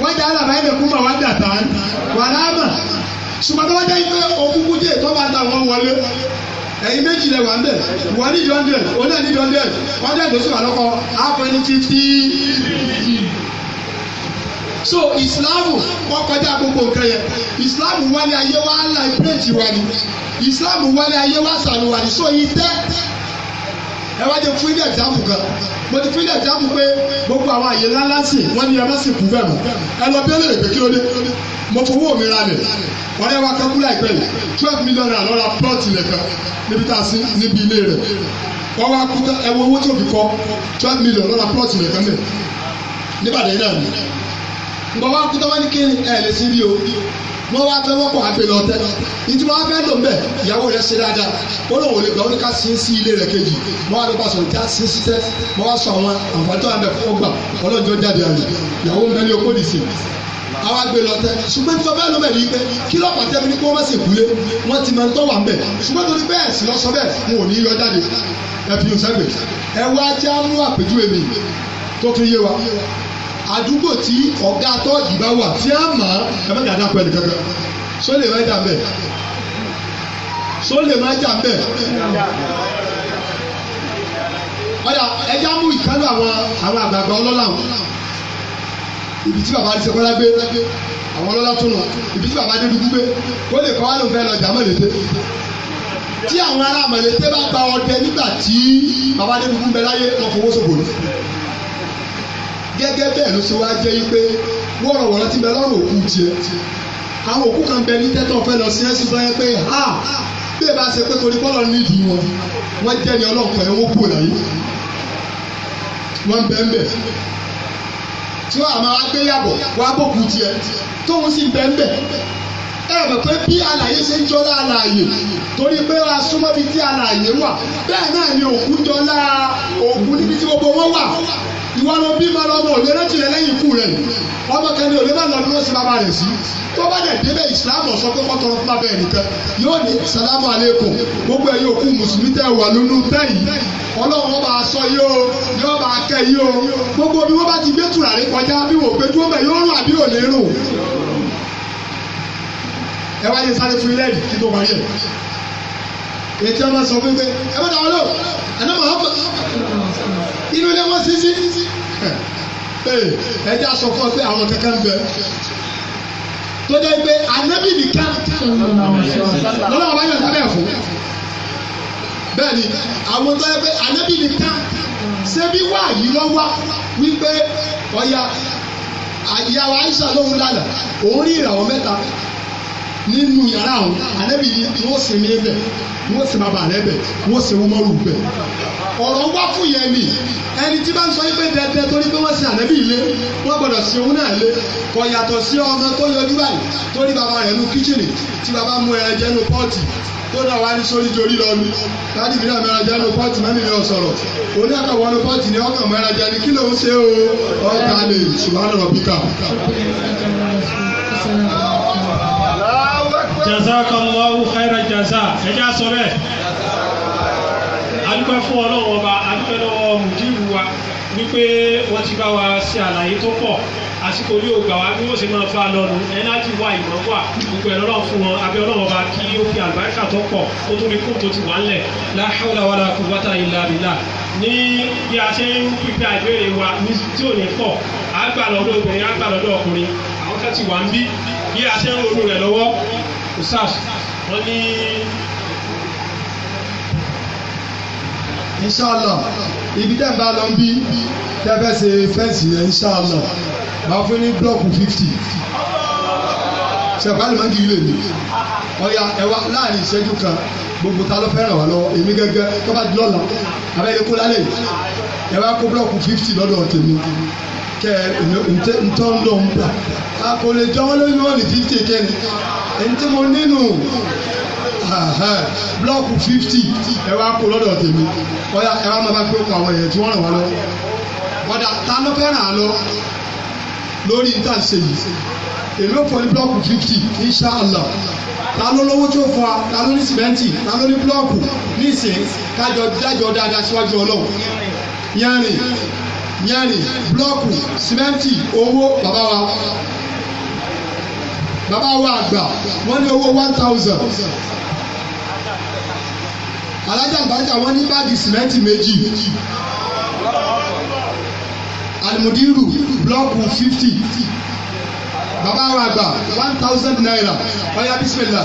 wọ́n jẹ́ alábàáyé mi kú mà wá dà tán wà láàmà ṣùgbọ́n tó wọ́n jẹ́ pé òkúkú jẹ́ ìtọ́ bá ta wọ́n wọlé ẹ̀yin méjì lẹ̀ wà ń bẹ̀ wọ́n ní hundred òun náà ní hundred hundred tó sì wà lọ́kọ̀ ẹni fifty so islam kọ́ kọjá gbogbo nǹkan yẹn islam wálé ayé wa láì pẹ́ǹtì wa ni islam wálé ayé wa sàlùwà ni so yìí ẹ wá jẹ fún ilé ẹ̀dáàmù kan mo ti fún ilé ẹ̀dáàmù pé gbogbo àwọn àyè ńláńlá sì wọ́n ní ẹ má sì kú bẹ́ẹ̀ mọ́ ẹ lọ bẹ́ẹ̀ lè pé kí ló dé mo fowó mi ra lẹ̀ ọ̀rẹ́ wa kan kú láìpẹ́ yìí twelve million naira lọ́ra plọ́ọ̀tì lẹ̀ kan níbi tá a sí níbi ilé rẹ̀ wọ́n wá kú ẹ wo owó tí òbí kọ twelve million lọ́ra plọ́ọ̀tì lẹ̀ kan lẹ̀ nígbàdàn náà ni gbọ́ wá kú tó wá ní kí ẹ lè sí bí o mo wá fẹ́ wọ́pọ̀ àgbè lọ tẹ́ ìdí mo wá fẹ́ lò ń bẹ̀ ìyàwó rẹ̀ ṣe dáadáa ó lóun ò lè gbà ó ní ká sí sí ilé rẹ̀ kejì mo wá lọ bá sọ̀rọ̀ tí a sí sí tẹ́ mo wá sọ àwọn àǹfààní tó wà bẹ̀ fún ọgbà ọlọ́jọ́ jáde àlè ìyàwó mẹ́lẹ́ okó nìsín àwa gbé lọ tẹ ṣùgbọ́n tí wọ́n bẹ́ẹ̀ ló bẹ̀ yìí pé kí lọ́pàá tẹ́mi ní kí wọ́n má sì kúlé wọ́n ti máa ń tọ́wà ńbẹ̀ ṣùgbọ́n torí bẹ́ẹ̀ sì lọ́sọ bẹ́ẹ̀ n ò ní yọ jáde ẹ àdúgbò tí ọ̀gá tọ́ọ̀gì bá wà tí a mọ̀ ẹ má dàda pẹ̀lú kankan só lè má jà mbẹ́ só lè má jà mbẹ́ ọ̀dà ẹja mú ìkánú àwọn àwọn àgbààgbà ọlọ́lá wọn ibi tí bàbá ti kọ́lá gbé àwọn ọlọ́lá tún lọ ibi tí bàbá dédú gbé kó lè kọ́ wá ló ń fẹ́ lọ jà mọ̀lété tí àwọn ará mọ̀lété bá gba ọdẹ nígbà tí bàbá dédú gbé láyé wọn fowó sòkò gẹ́gẹ́ bẹ́ẹ̀ ló ṣe wá jẹ́ wípé wọ́rọ̀wọ́rọ́ ti bẹ lọ́rùn òkú jẹ àwọn òkú kan bẹ ní tẹ́tọ̀ fẹ́ lọ sí ẹ̀sùn báyẹn pé ha bí ẹ bá ṣe pé torí kọ́lọ̀ nídìí wọn wọ́n jẹ́ ni ọlọ́ọ̀kan ẹ̀ wọ́n kú láyé wọ́n bẹ́ẹ̀ bẹ́ẹ̀ tí wọ́n àmọ́ agbéyàbọ̀ wọ́n abókù tiẹ̀ tóun sì bẹ́ẹ̀ bẹ́ẹ̀ ẹ mọ̀ pé bí alààyè ṣe ń jọlá alààyè torí pé a súnmọ́ bíi tí alààyè wà bẹ́ẹ̀ náà ni òkú jọlá òkú níbi tí gbogbo wọn wà ìwọ ló bí máa lọmọ òlé rántí rẹ lẹ́yìn ikú rẹ ọmọ kẹrin òlé máa lọ dúró sí bàbá rẹ sí tó bá dẹ̀ débẹ̀ ìsìlámù ọ̀sán pé kọ́ tọrọ fún bàbá ẹ̀ nìkan yóò ní sàlámù àlékún gbogbo ẹ̀yin òkú mùsùlùmí tẹ̀ wà lónú tẹ́yì ọlọ́run ọba aṣọ yìí o yóò máa kẹ́ yìí o gbogbo bí wọ́n bá ti gbé tùràrí kọjá bí wọ́n gbé dúró bẹ̀ yóò rùn àbí òní rùn ẹ wá yẹ sáré fún ilé ẹ̀dì kí tó parí ẹ̀. ètò ọmọ sọ pé pé ẹ bá dàwọn lò àná màá fọ inú ilé wọn sísí. ẹ jẹ́ aṣọ fún ọ pé àwọn kankan bẹ tó dé pé anabi nìkan lọ́wọ́ àwọn ayọ̀ sábẹ́ fún bẹ́ẹ̀ ni àwọn tó yẹ pé anabi nìkan ṣebí wà yìí lọ́wọ́ wípé ọ̀ya ìyàwó Aisha lóhun lálẹ́ òun rí ìràwọ̀ mẹ́ta nínú yàrá àwọn ànábì ni wọ́n ṣe mí bẹ̀ wọ́n ṣe bàbá rẹ̀ bẹ̀ wọ́n ṣe wọ́n mọ́rù bẹ̀. ọ̀rọ̀ wá fún yẹn ni ẹni tí bá ń sọ yín pé dẹ́dẹ́ torí pé wọ́n ṣe ànábì ilé wọ́n gbọ́dọ̀ ṣe òun náà lé kò yàtọ̀ sí ọmọ tó yọjú báyìí torí bàbá rẹ̀ nu kíchìnì tí bàbá mú ẹran jẹ́ nu pọ́ọ̀tì tó dà wá ní sórí jorí lọ lu láti fi mẹ́ra jẹ́ nu pọ́ọ̀tì mẹ́mí mi ò sọ̀rọ̀ òní àkàwọ́ nu pọ́ọ̀tì ni ọkàn mẹ́ra jẹ́ ni kí lòun ṣe o ọkàn lè ṣùgbọ́n àrọ̀ píkà jazakallahu khaira jaza ẹjá sọ bẹ́ẹ̀ adúpẹ́ fún ọlọ́run ọba adúpẹ́ lọ́wọ́ mùdírù wa wípé wọ́n ti bá wa ṣe àlàyé tó pọ̀ àsìkò ní ògbà wa bí wọ́n ṣe máa bá a lọ́nu ẹnájì wa ìmọ̀ wà gbogbo ẹ̀rọ náà fún wọn abẹ́ ọlọ́run ọba kí ó fi àlùbáríkà tó pọ̀ ó tún ní kún tó ti wà ńlẹ̀ la hawla wala quwwata illa billah ní bí a ṣe ń pípẹ́ àìbéèrè wa ní tí ò ní pọ̀ àgbà lọ́dọ̀ obìnrin àgbà lọ́dọ̀ ọkùnrin àwọn kan ti wà ń bí bí a ṣe ń ronú rẹ̀ lọ́wọ́ usas ó ní inshallah ibi tẹ́ ń bá lọ ń bí tẹ́ fẹ́ ṣe fẹ́ǹsì yẹn inshallah máa fún ní blọọkù fifty sẹ̀fàlì máa ń kiri lè ní ọ̀ya ẹ̀wà láàrin ìṣẹ́jú kan gbogbo ta ló fẹ́ràn wà lọ èmi gẹ́gẹ́ tó bá di lọ́la abẹ́yẹ kó lálẹ́ ẹ̀wà kó blọọkù fifty lọ́dọ̀ tèmi kẹ ntọ́ ń lò ń gbà a kò lè jọ wọn lóyún wọn ní fifty kẹni ẹni tí mo nínú blọọkù fifty ẹ wá kó lọ́dọ̀ tèmi ọ̀ya ẹ wá máa bá pé àwọn èèyàn tí wọ́n ràn wá lọ ọ̀dà ta ló fẹ́ ràn án lọ lórí ìtànṣe yìí èmi ò fọ ní blọọkù fifty inṣàlá ta ló lówó tó fa ta ló ní sìmẹ́ǹtì ta ló ní blọọkù ní ìsìn kájọ dájọ dáadáa síwájú ọlọ́run yẹn rìn yanrìn búlọ́ọ̀kù sìmẹ́ǹtì owó Baba wa Baba wa àgbà wọ́n ní owó one thousand alájà àbájá wọ́n ní báàgì sìmẹ́ǹtì méjì alimudiru búlọ́ọ̀kù fifty Baba wa àgbà one thousand naira ọ̀yá bísímẹ́lá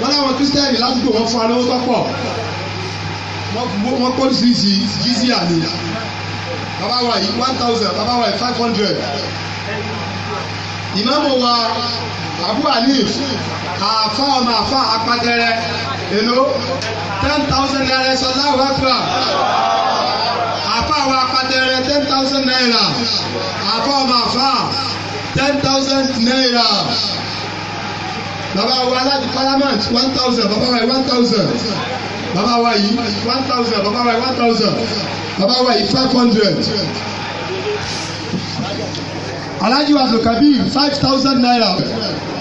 wọ́n láwọn kírísítẹ́nì ládùúgbò wọn fún alówó tó pọ̀ wọ́n wọ́n kó oríṣiríṣi jíjí àlè bàbá wa yìí one thousand bàbá wa yìí five hundred ìmáàmù wa Abu Hanif àfa ọmọ àfa apatẹrẹ èlò ten thousand naira sọlá wàkúrà àfa wa apatẹrẹ ten thousand naira àfa ọmọ àfa ten thousand naira. Baba wa láti parliament one thousand Baba wa one thousand Baba wa yìí one thousand Baba wa one thousand Baba wa yìí five hundred alhaji wa abdulkabir five thousand naira.